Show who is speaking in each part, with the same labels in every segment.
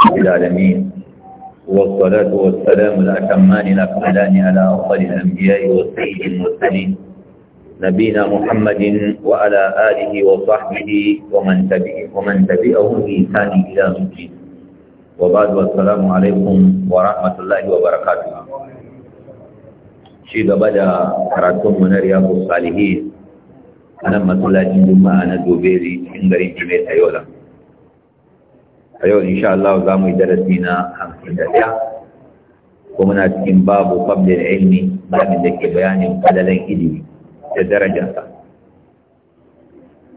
Speaker 1: رب العالمين والصلاة والسلام الأتمان الأكملان على أفضل الأنبياء والسيد المرسلين نبينا محمد وعلى آله وصحبه ومن تبعه ومن تبعهم بإحسان إلى الدين وبعد والسلام عليكم ورحمة الله وبركاته شيء بدأ كراتون من رياض الصالحين أنا مسؤولة جمعة أنا دوبيري من غير جميع أيولا a yau insha Allah za mu yi darasi na hamsin da ɗaya ko muna cikin babu fadlil ilmi babin da ke bayanin fadalan ilimi da darajarsa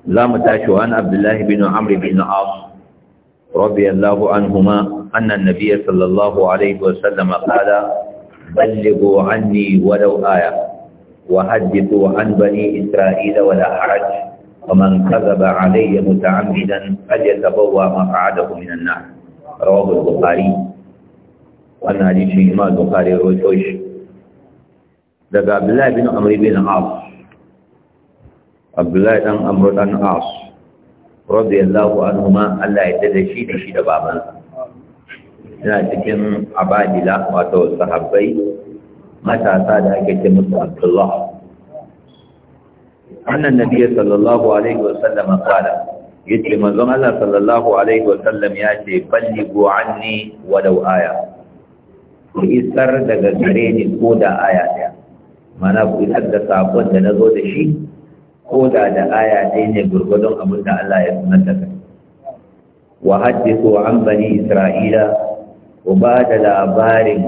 Speaker 1: za mu tashi wa an abdullahi bin amr bin as رضي الله عنهما أن النبي صلى الله عليه وسلم قال بلغوا عني ولو Wa وحدثوا عن بني Isra'ila ولا حرج ومن كذب علي متعمدا فليتبوى مقعده من النار رواه البخاري وانا حديث امام البخاري رويتوش دغ عبد الله بن عمرو بن العاص عبد الله بن عمرو بن العاص رضي الله عنهما الله يتدى شي da shi da babansa yana cikin abadila wato sahabbai matasa da ake ce musu abdullah annan nabiya sallallahu alaihi wasallam qala yace manzon Allah sallallahu alaihi wasallam ya ce ballighu anni walau aya ku isar daga gare ni ko da aya daya mana ku isar da sakon da nazo da shi ko da da aya ɗaya ne gurgudun abin da Allah ya sanar da kai wa hadithu an bani isra'ila ku ba da labarin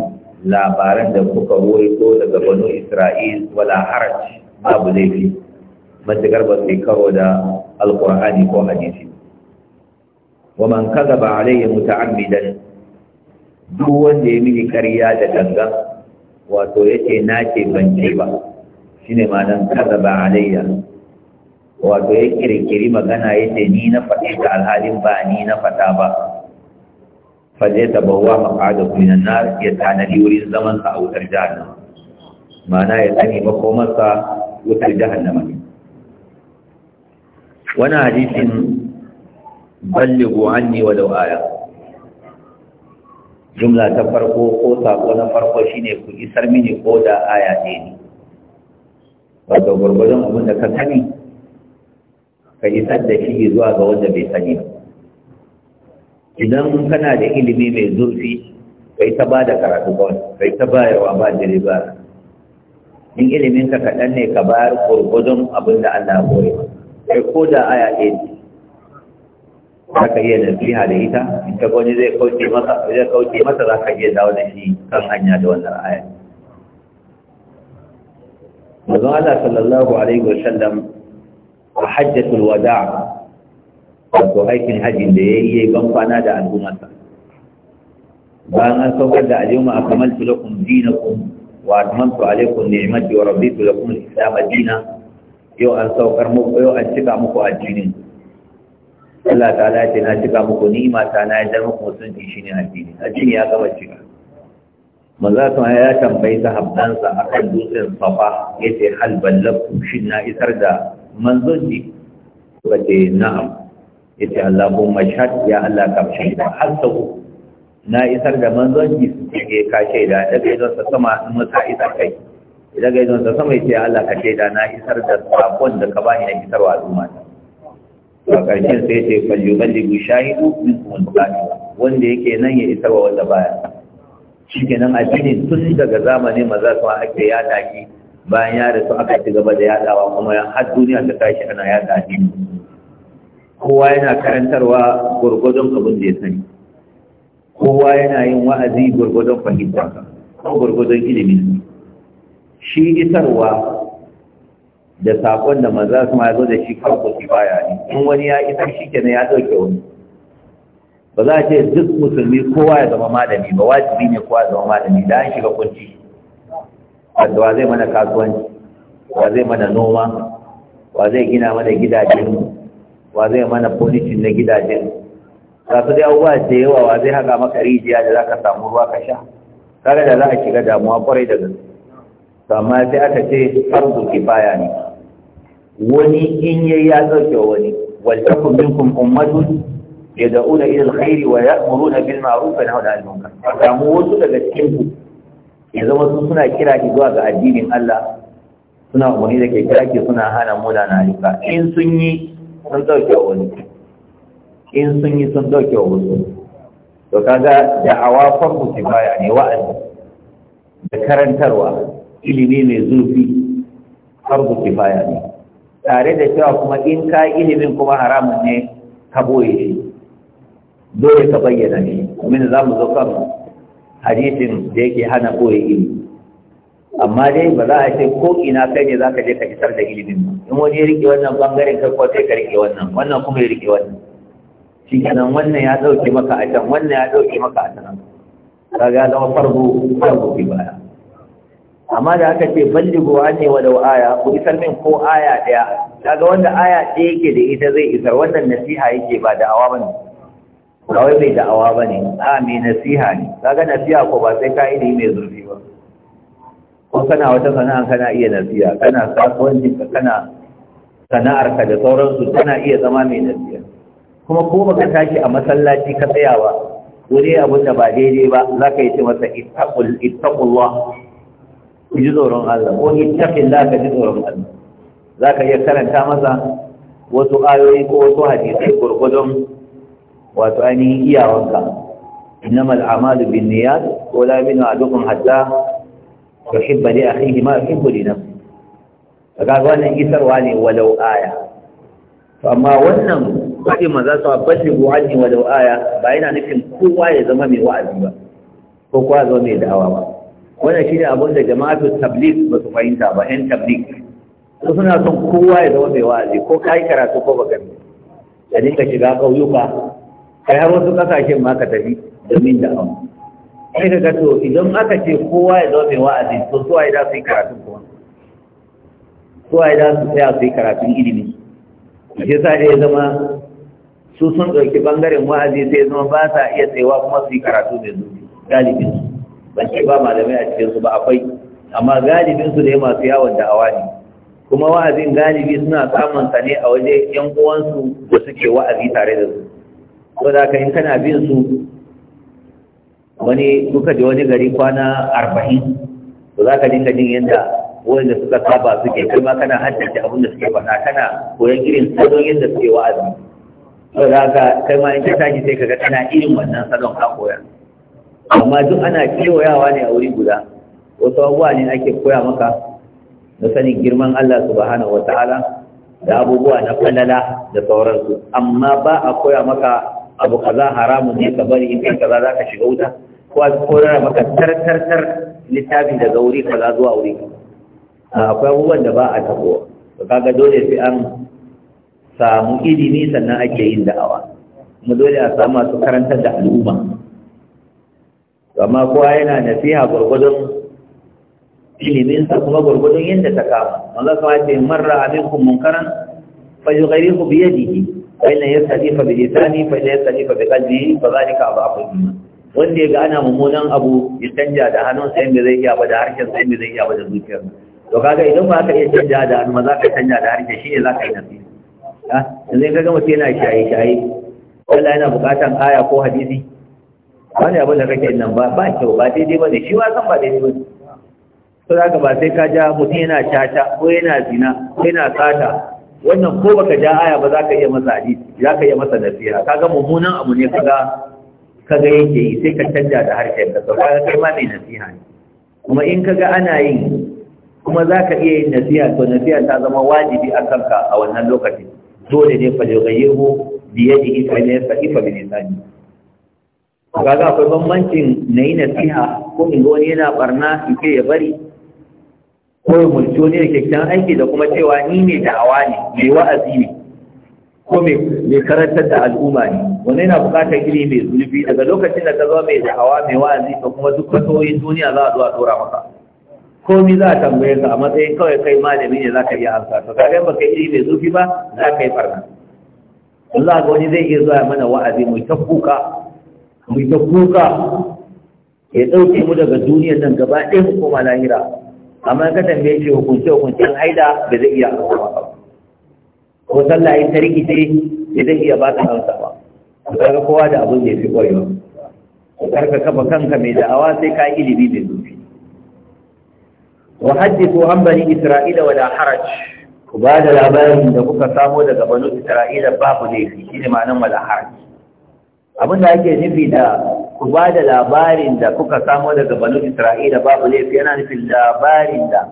Speaker 1: labaran da kuka ruwaito daga banu isra'il wala haraj babu laifi matuƙar ba su karo da alƙur'ani ko hadisi wa man kadaba alayya muta'ammidan duk wanda ya mini ƙarya da ganga wato ce na ce ban ce ba shine ma'anar ba alayya wato ya kirkiri magana ya ce ni na faɗi da alhalin ba ni na faɗa ba faɗe ta bawa maƙada kulinan na ya tanadi wurin zaman sa a wutar jihar jahannama ma'ana ya sani makomarsa wutar jihar jahannama wani hadisin ballighu anni walau aya jumla ta farko ko sako na farko shine ku isar mini ko da aya ɗaya ne wato gwargwadon abin da ka sani ka isar da shi zuwa ga wanda bai sani ba idan kana da ilimi mai zurfi kai ta ba da karatu kawai kai ta bayarwa ba direba in ilimin ka kaɗan ne ka bayar gwargwadon abin da Allah ya kore kai ko da aya ɗaya ne za ka iya nasiha da ita in ka gwani zai kauce masa za ka iya dawo da shi kan hanya da wannan aya Mazan Allah sallallahu alaihi wa sallam a hajjatul wada wato aikin hajjin da ya yi ban kwana da al'ummarsa bayan an saukar da aljuma a kamaltu lakum dinakum wa atmamtu alaikum ni'mati wa raditu lakum al-islam dinan yau an saukar muku yau an cika muku addinin Allah ala ce na cika muku ma ta na yadda muku shi ne addini addini ya gaba cika maza ta ya tambayi a akan dutsen safa yace hal ballabtu shi na isar da manzon ne suka ce na'am yace Allahumma mashad ya Allah ka da har sau na isar da manzon su suke eh, ka shaida da kai zo sama in musa isar kai idan ga idon sa sama ya ce Allah ka ce da na isar da sakon da ka bani na wa al'umma ta a ƙarshen sai ce falyuballighu shahidu duk al wanda yake nan ya isar wa wanda baya nan addini tun daga zamani maza su ake yada shi bayan ya rasu aka ci gaba da yadawa kuma har duniya ta tashi ana yada addini kowa yana karantarwa gurgudun abin da ya sani kowa yana yin wa'azi gurgudun fahimta ko gurgudun ilimi shi isarwa da saƙon da maza su ma zo da shi shi baya ne in wani ya isar shi kenan ya ɗauke wani ba za a ce duk musulmi kowa ya zama malami ba wajibi ne kowa ya zama malami da an shiga kunci wanda wa zai mana kasuwanci wa zai mana noma wa zai gina mana gidajen wa zai mana policin na gidajen za su dai abubuwa da yawa wa zai haka maka rijiya da za ka samu ruwa ka sha kaga da za a shiga damuwa kwarai da gaske amma sai aka ce ke kifaya ne wani in yayi ya dauke wani wal takum minkum ummatu? yad'una ila alkhair wa ya'muruna bil ma'ruf wa yanhauna 'anil munkar samu wasu daga cikin ku ya zama su suna kira ki zuwa ga addinin Allah suna umarni da ke kira ki suna hana muna na ayyuka in sun yi sun dauke wani in sun yi sun dauke wasu to kaga da'awa fardu kifaya ne wa'azi da karantarwa ilimi mai zurfi farko baya ne tare da cewa kuma in ka ilimin kuma haramun ne ka boye shi dole ka bayyana shi kuma za mu zo kan hadisin da yake hana boye ilimi amma dai ba za a ce ko ina kai ne za ka je ka fitar da ilimin ba in wani ya rike wannan bangaren kai ko sai ka rike wannan wannan kuma ya rike wannan shi kenan wannan ya ɗauke maka a can wannan ya ɗauke maka a can kaga ya zama farko farko baya. amma da aka ce balligo ne walau aya ku isar min ko aya ɗaya kaga wanda aya ɗaya yake da ita zai isar wannan nasiha yake ba da'awa bane kawai wai da da'awa bane a me nasiha ne kaga nasiha ko ba sai ka yi mai zurfi ba ko kana wata sana'a kana iya nasiha kana kasuwanci kana sana'arka da sauransu tana iya zama mai nasiha kuma ko baka tashi a masallaci ka tsaya ba wuri abin da ba daidai ba za ka yi ce masa ittaqullah ku ji tsoron Allah ko la ka ji tsoron Allah zaka iya karanta masa wasu ayoyi ko wasu hadisi gurgudun wato ainihin iyawanka innamal a'malu binniyat wa la yaminu ahadukum hatta yuhibba li akhihi ma yuhibbu li nafsihi kaga wannan isarwa ne walau aya to amma wannan faɗi maza su a balli walau aya ba yana nufin kowa ya zama mai wa'azi ba ko kowa zama mai da'awa ba wannan shi ne abin da jama'atu tablik ba su fahimta ba yan tablik su suna son kowa ya zama mai wa'azi ko ka yi karatu ko baka bi da dinka shiga ƙauyuka kai har wasu ƙasashen ma ka tafi domin da amu sai ka gato idan aka ce kowa ya zama mai wa'azi to su waye za su yi karatun kuma su waye za su tsaya su yi karatun ilimi shi sa ya zama su sun ɗauki ɓangaren wa'azi sai zama ba sa iya tsayawa kuma su yi karatu mai zuci, galibinsu ban ce ba malamai a cikin su ba akwai amma galibin su dai masu yawon da'awa ne kuma wa'azin galibi suna samun sa ne a waje yan uwansu da suke wa'azi tare da su ko da ka in kana bin su wani kuka ji wani gari kwana arba'in to za ka dinga jin yadda wanda suka saba suke kai ma kana haddace abin da suke faɗa kana koyon irin salon yadda suke wa'azi to za ka kai ma in ka tashi sai ka ga kana irin wannan salon ka koyar amma duk ana kewayawa ne a wuri guda wasu abubuwa ne ake koya maka na sanin girman Allah subhanahu wa ta'ala da abubuwa na falala da sauransu amma ba a koya maka abu kaza haramun ne ka bari in kai kaza zaka shiga wuta ko a koyar maka tartartar littafi daga wuri kaza zuwa wuri akwai abubuwan da ba a tabo kaga dole sai an samu ilimi sannan ake yin da'awa kuma dole a samu masu karantar da al'umma amma kowa yana nasiha gwargwadon iliminsa kuma gwargwadon yadda ta kama wanda kuma ce marra aminkum munkaran fa yughayyihu bi yadihi fa in yastatifa bi lisani fa in yastatifa bi qalbi fa zalika adhafu iman wanda ya ga ana mummunan abu ya canja da hannun sayan da zai iya ba da harshen sayan da zai iya ba da zuciyar to kaga idan ba ka iya canja da hannu ma za ka canja da harshen shi ne za ka yi nasiha ha yanzu ka ga sai yana shaye shaye wallahi yana bukatan aya ko hadisi wani abin da kake nan ba ba kyau ba daidai ba ne shi wa san ba daidai ba ne to za ka ba sai ka ja mutum yana caca ko yana zina ko yana sata wannan ko baka ja aya ba za ka iya masa hadisi za ka iya masa nasiha ga mummunan abu ne kaga ga yake yi sai ka canja da harshen ka sau kaga kai ma mai nasiha ne kuma in kaga ana yin kuma za ka iya yin nasiha to nasiha ta zama wajibi a kanka a wannan lokacin dole ne fa yughayyirhu bi yadihi fa la yasta'ifa bi lisani ga za akwai bambancin na yi nasiha ko in ga wani yana barna su ke ya bari ko ya mulki wani da kyakkyan aiki da kuma cewa ni ne da'awa ne mai wa'azi ne ko mai karantar da al'umma ne wani yana bukatar gini mai zulubi daga lokacin da ka zama mai da'awa mai wa'azi ka kuma duk fasohin duniya za a zo a tsora maka komi za a tambaye ka a matsayin kawai kai malami ne za ka iya amsa to kaga ba kai ilimi mai zurfi ba za ka yi barna Allah ga wani zai iya zuwa mana wa'azi mu ta kuka mu ta kuka ya ɗauke mu daga duniyar nan gaba ɗaya mu koma lahira amma ka tambaye shi hukunce hukuncen haida ba zai iya ba ko sallah ya tarki ce ba zai iya ba ta amsa ba kaga kowa da abin da ya fi kwarewa karka kafa kanka mai da'awa sai ka ilimi mai zufi. wa hadithu an bani isra'ila wala haraj ku ba da labarin da kuka samo daga banu isra'ila babu laifi shine ma'anar wala haraj abin da ake nufi da ku ba da labarin da kuka samu daga banu isra'ila babu laifi yana nufin labarin da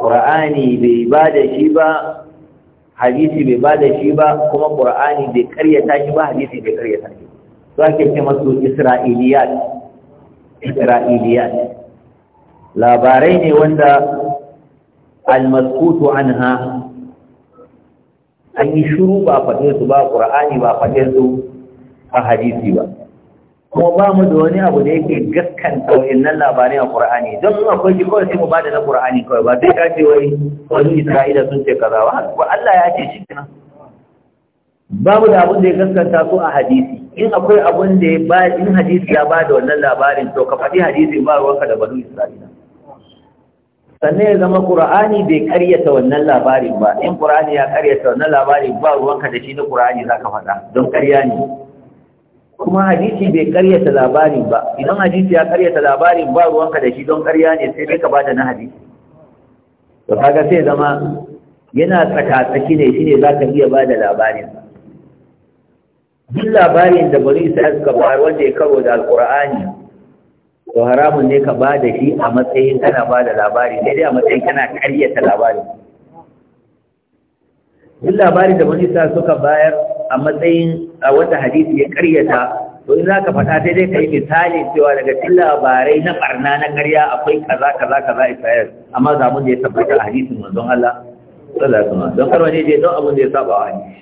Speaker 1: ƙura'ani bai ba da shi ba hadisi bai ba da shi ba kuma ƙura'ani bai karyata shi ba hadisi bai karyata shi su ake ce masu isra'iliyat isra'iliyat labarai ne wanda almaskutu anha an yi shuru ba faɗe su ba ƙura'ani ba faɗe su a hadisi ba kuma ba mu da wani abu da yake gaskanta innan labarai a Qur'ani don akwai shi kawai sai mu bada na Qur'ani kawai ba zai kace ce wai wani Isra'ila sun ce kaza ba Allah ya ce shi ba babu da abun da ya gaskanta su a hadisi in akwai abun da ya ba in hadisi ya ba da wannan labarin to ka faɗi hadisi ba ruwanka da banu isra'ila sannan ya zama qur'ani bai karyata wannan labarin ba in qur'ani ya karyata wannan labarin ba ruwanka da shi na qur'ani ka faɗa don karya ne kuma hadisi bai karyata labarin ba idan hadisi ya karyata labarin ba ruwanka da shi don karya ne sai dai ka bada na hadisi to kaga sai zama yana tsakatsaki ne shine za ka iya bada labarin duk labarin da bari sai suka bayar wanda ya karo da alkur'ani to haramun ne ka bada shi a matsayin kana bada labari sai dai a matsayin kana karyata labarin duk labari da wani sa suka bayar a matsayin a wata hadisi ya karyata to in zaka faɗa sai dai kai misali cewa daga cikin labarai na barna na karya akwai kaza kaza kaza Isra'il amma za mun da tabbata hadisin manzon Allah sallallahu alaihi wasallam don kar wani je don abun da ya saba wa hadisi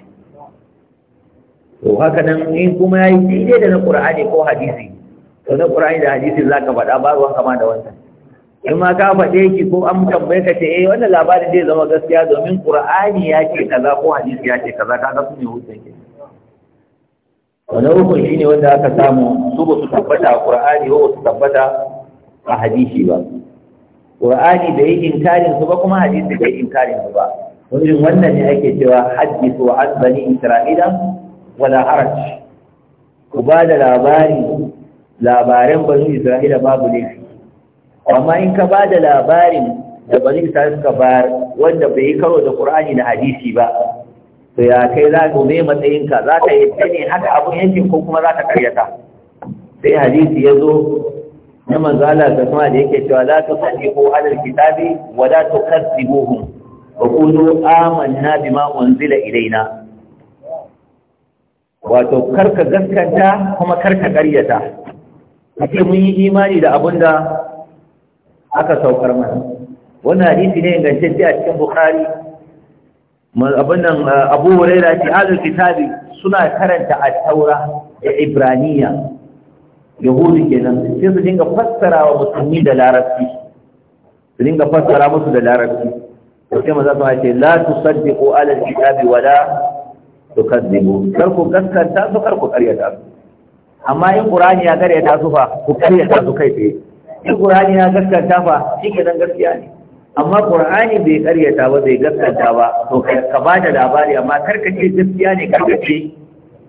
Speaker 1: to haka nan in kuma yayi daidai da na Qur'ani ko hadisi to na Qur'ani da hadisi zaka faɗa ba wanka kama da wannan in ma ka faɗe ki ko an tambaye ka ce eh wannan labarin zai zama gaskiya domin qur'ani ya ce kaza ko hadisi ya ce kaza kaga su ne hujjan ki wannan shi shine wanda aka samu su ba su tabbata a qur'ani ko su tabbata a hadisi ba qur'ani da yi inkarin su ba kuma hadisi da yi inkarin su ba wurin wannan ne ake cewa hadithu wa azbani isra'ila wala haraj ku ba da labari labaran bani isra'ila babu laifi amma in ka ba da labarin da zai sa suka bayar wanda bai yi karo da qur'ani da hadisi ba to ya kai za ka me matsayinka za ka yi ne haka abun yankin ko kuma za ka karyata sai hadisi ya zo na manzala ga kuma da yake cewa za sani ko alal kitabi wa la tukadzibuhum wa qulu amanna bima unzila ilaina wato karka gaskanta kuma karka karyata kace mun yi imani da da. aka saukar mana wannan hadisi ne ingantacce a cikin bukhari abin nan uh, abu huraira ce hadal kitabi suna karanta at-taura da ibraniya yahudu kenan sai su dinga fassara wa musulmi da larabci su dinga fassara musu da larabci sai maza su ce la tusaddiqu ala al-kitabi wala tukazzibu kar ku gaskanta su kar ku karyata su amma in qur'ani ya karyata su fa ku karyata su kai tsaye shi qur'ani na gaskanta ba shi kenan gaskiya ne amma qur'ani bai karyata ba bai gaskanta ba to ka ba da labari amma karkace gaskiya ne karkace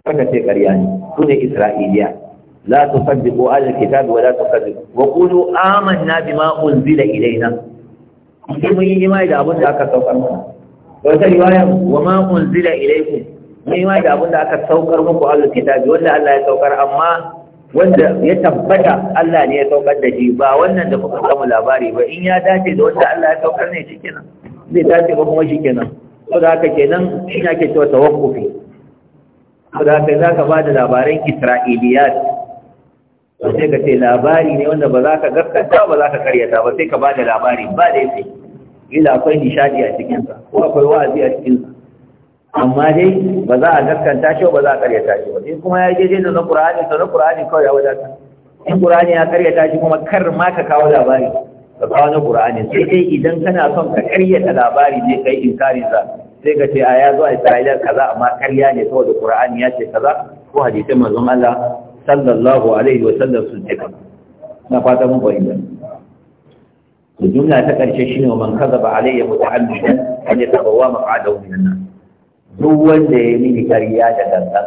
Speaker 1: sai karya ne Su ne isra'iliya la tusaddiqu ala alkitabi wa la tusaddiqu wa qulu amanna bima unzila ilaina sai mun yi imani da abin da aka saukar mana wata riwaya wa ma unzila ilaikum mun yi imani da abin da aka saukar muku ahlul kitabi wanda Allah ya saukar amma wanda ya tabbata Allah ne ya saukar da shi ba wannan da kuka samu labari ba in ya dace da wanda Allah ya saukar ne shi kenan zai dace ba kuma shi kenan saboda haka kenan shi ake cewa tawakkufi saboda haka za ka ba da labaran isra'iliyat sai ka ce labari ne wanda ba za ka gaskata ba za ka karyata ba sai ka ba da labari ba da yake ila akwai nishadi a cikinsa ko akwai wa'azi a cikinsa amma dai ba za a gaskanta shi ba za a karyata shi ba in kuma ya je da na qur'ani to na qur'ani kawai ya wadata in qur'ani ya karyata shi kuma kar ma ka kawo labari ka kawo na qur'ani sai dai idan kana son ka karyata labari ne kai inkari sa sai ka ce a ya zo a isra'ila kaza amma karya ne saboda qur'ani ya ce kaza ko hadisi manzon Allah sallallahu alaihi wa sallam sun ce na fata mun fahimta to jumla ta karshe shine man ba alayya muta'ammidan an yatabawa maq'adahu minan nan. duk wanda ya mini ƙarya da gangan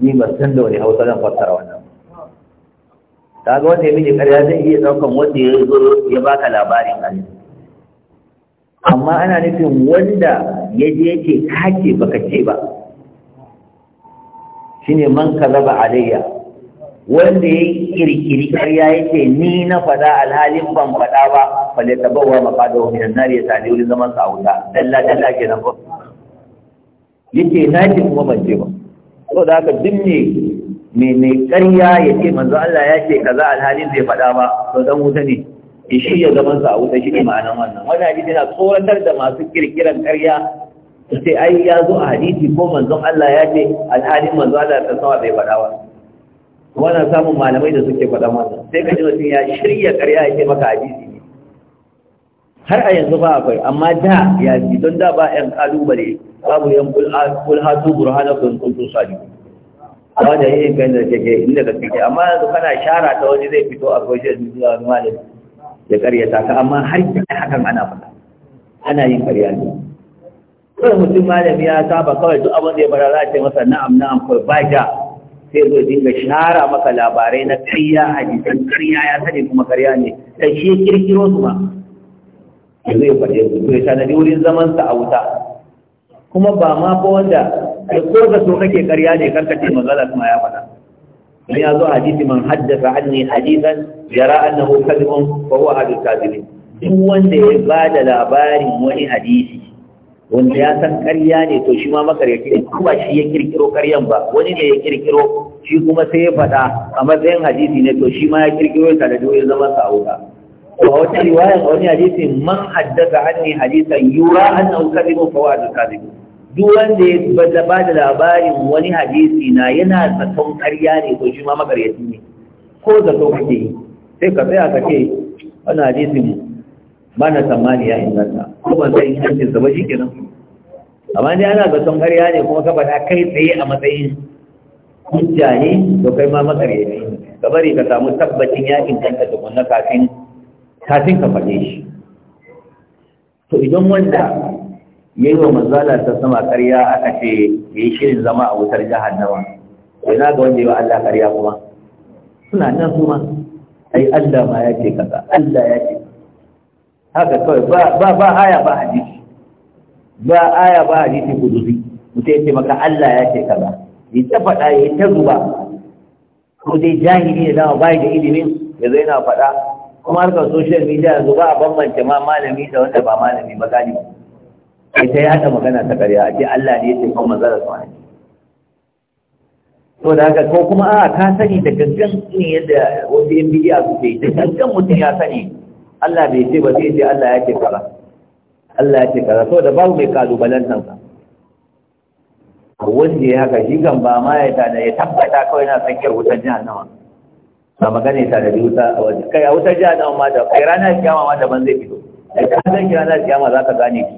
Speaker 1: ni ba san da wani hausa zan fassara wannan kaga wanda ya mini ƙarya zai iya ɗaukan wanda ya zo ya baka labarin ƙarya amma ana nufin wanda ya je yake kake baka ce ba shine man kazaba alayya wanda ya kirkiri ya yake ni na faɗa alhalin ban faɗa ba falle tabawa mafadahu minan nar ya sadi wurin zaman sa wuta dalla dalla kenan ba yake naji kuma ban ce ba saboda haka duk ne me mai ƙarya ya ce manzo Allah ya ce kaza alhalin zai faɗa ba to dan wuta ne ya shirya zaman sa a wuta shi ne ma'anar wannan wannan hadisi yana tsoratar da masu kirkiran ƙarya su ce ai ya zo a hadisi ko manzon Allah ya ce alhalin manzo Allah ta sawa zai faɗa ba wannan samun malamai da suke faɗa wannan sai ka ji mutum ya shirya ƙarya ya ce maka hadisi har a yanzu ba akwai amma da ya fi don da ba yan kalubale babu yan kulhatu burhana kun kuntu sadi ba da yin kan da take inda ka take amma yanzu kana shara ta wani zai fito a da zuwa malami ya karyata ka amma har da hakan ana faɗa ana yin karya ne kawai mutum malami ya saba kawai duk abin da ya bara za a ce masa na'am na'am kawai ba ja sai zo dinga shara maka labarai na karya hadisan karya ya sani kuma karya ne da shi ya kirkiro su ma da zai faɗe su to tanadi wurin zaman sa a wuta kuma ba ma ko wanda da ko ga so kake ƙarya ne karka ce kuma ya faɗa dan ya zo hadisi man haddasa anni hadisan yara annahu kadhibun fa huwa hadith kadhibin duk wanda ya ba da labarin wani hadisi wanda ya san ƙarya ne to shi ma makaryaci ne kuma shi ya kirkiro ƙaryan ba wani ne ya kirkiro shi kuma sai ya faɗa a matsayin hadisi ne to shi ma ya kirkiro ya tare da a wuta. wata riwaya a wani hadisi man haddasa hannun hadisan yura annahu kadhibu fa huwa kadhib duk wanda ya ba da labarin wani hadisi na yana zaton karya ne ko shi ma makaryaci ne ko so kake yi sai ka tsaya ka ce wani hadisi ba na tsammani ya inganta ko ban san ingancin sa ba shi kenan amma dai ana zaton karya ne kuma ka faɗa kai tsaye a matsayin hujja ne to kai ma ne. ka bari ka samu tabbacin ya inganta tukunna kafin kafin ka faɗe shi to idan wanda ya yi wa mazala ta sama ƙarya aka ce ya yi shirin zama a wutar jahannama sai na ga wanda ya wa Allah ƙarya kuma suna nan su ma ai Allah ma ya ce kaza Allah ya ce haka kawai ba ba aya ba hadisi ba aya ba hadisi ku mutum ya ce maka Allah ya ce kaza ya ta faɗa ya ta zuba ko dai jahili ne dama bai da ilimin ya yana faɗa kuma harkar social media yanzu ba a bambance ma malami da wanda ba malami ba gani sai ta yi hada magana ta karya a ce Allah ne ya kuma zara su hanyar to da haka ko kuma a ka sani da gangan ne yadda wasu yan bidiya suke yi da gangan mutum ya sani Allah bai ce ba zai ce Allah ya ce kaza Allah ya ce kaza to da babu mai kalubalantar sa wanda ya haka shi kan ba ma ya tana ya tabbata kawai na tsakiyar wutar jihar nawa ba magana ta da wuta a waje kai a wuta jiya da amma da kai ranar kiyama ma ban zai fito kai ka san kira ranar kiyama za ka gane ki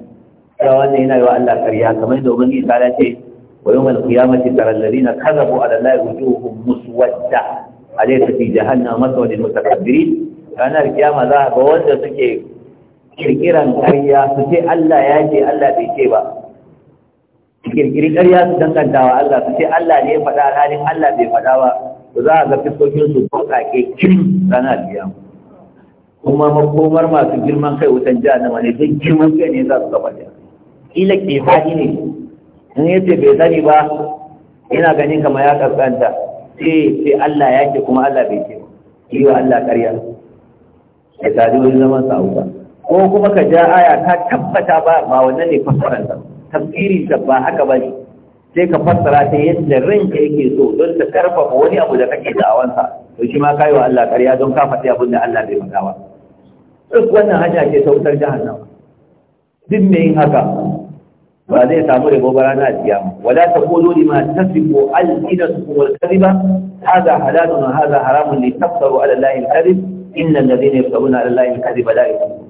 Speaker 1: cewa wannan yana yi Allah kariya kamar da ubangi ta ce wa yawmal qiyamati taral ladina kadhabu ala allahi wujuhum muswadda alaysa fi jahannama maswadu lil mutakabbirin ranar kiyama za ga wanda suke kirkiran kariya su ce Allah ya ce Allah bai ce ba kirkirin kariya su dangantawa Allah su ce Allah ne ya faɗa halin Allah bai faɗa ba to za a ga fiskokin su tsake kin ranar biya kuma makomar masu girman kai wutan nan ne duk girman kai ne za su gaba da kila ke faɗi ne in ce bai sani ba yana ganin kamar ya kaskanta sai sai Allah ya ce kuma Allah bai ce ba yi Allah ƙarya ya tare wani zaman sa'uka ko kuma ka ja aya ka tabbata ba ba wannan ne fassarar ta tafsirin ta ba haka ba ne sai ka fassara ta yadda ranka yake so don ta karfafa wani abu da kake da'awansa to shi ma kayo Allah ƙarya don ka faɗi abin da Allah bai faɗa ba duk wannan hanya ce ta wutar jahannama duk me yin haka ba zai samu rabo ba rana a wala taqulu lima tasifu al-idatukum wal-kadhiba hadha halalun wa haza haramun li taftaru ala Allahi al-kadhib inna alladhina yaftaruna ala Allahi al-kadhiba la yuflihun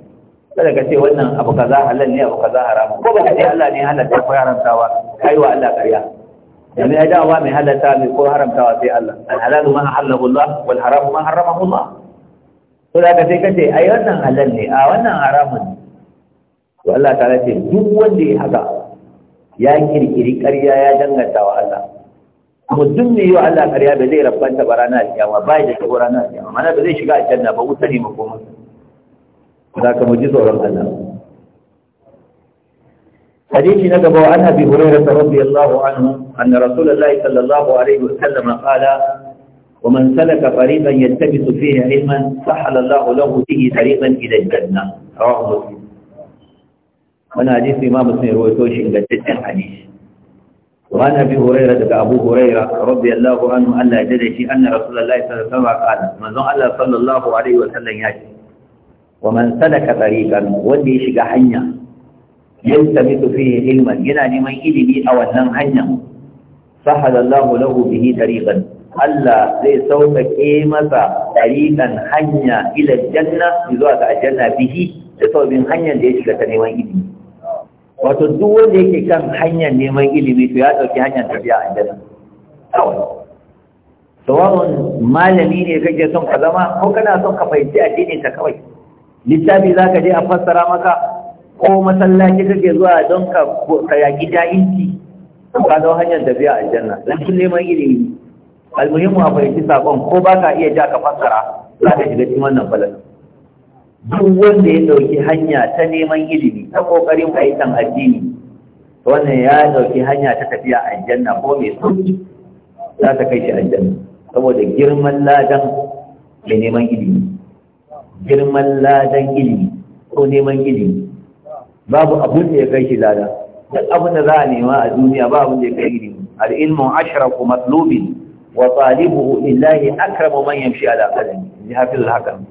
Speaker 1: kada ka ce wannan abu kaza halal ne abu kaza haram ko ba ka ce Allah ne halatta ko haramtawa kai wa Allah ƙarya yanzu ya dawa mai halatta mai ko haramtawa sai Allah al halalu ma halallahu Allah wal haram ma haramahu Allah to da ka ce ka ce ai wannan halal ne a wannan haramun ne to Allah ta ce duk wanda ya haka ya kirkiri ƙarya ya danganta wa Allah mutum ne yau Allah ƙarya ba zai rabbanta ba ranar kiyama ba ya da shigo ranar kiyama mana ba zai shiga a aljanna ba wuta ne makomansa ذاك مجيز muji الله حديث نقب عن أبي هريرة رضي الله عنه أن رسول الله صلى الله عليه وسلم قال ومن سلك طريقا يلتبس فيه علما سحل الله له به طريقا إلى الجنة رواه مسلم وانا حديث ما مسلم رويته شنقتت الحديث وعن ابي هريره ابو هريره رضي الله عنه ان لا يدري ان رسول الله صلى الله عليه وسلم قال من الله صلى الله عليه وسلم ياتي wa man sadaka tariqan wanda ya shiga hanya yantamisu fihi ilman yana neman ilimi a wannan hanya sahala Allahu lahu bihi tariqan Allah zai sauƙaƙe masa tariqan hanya ila janna zuwa ga janna bihi da sabbin hanyar da ya shiga ta neman ilimi wato duk wanda yake kan hanyar neman ilimi to ya ɗauki hanyar tafiya aljanna kawai tsawon malami ne kake son ka zama ko kana son ka fahimci addinin ta kawai littafi za ka je a fassara maka ko masallaci kake zuwa don ka yaƙi jahilci ka zo hanyar da biya aljanna kun neman ilimi almuhimmu a fahimci saƙon ko ba ka iya ja ka fassara za ka shiga cikin wannan falon duk wanda ya ɗauki hanya ta neman ilimi ta ƙoƙarin fahimtar addini wannan ya ɗauki hanya ta tafiya a aljanna ko mai sauki za ta kai shi aljanna saboda girman ladan mai neman ilimi girman ladan ilimi ko neman ilimi babu abin da ya kai shi lada duk abin da za a nema a duniya ba abin da ya kai ilimi al-ilmu ashraku matlubin wa talibuhu lillahi akramu man yamshi ala qalbi ji hafizul hakan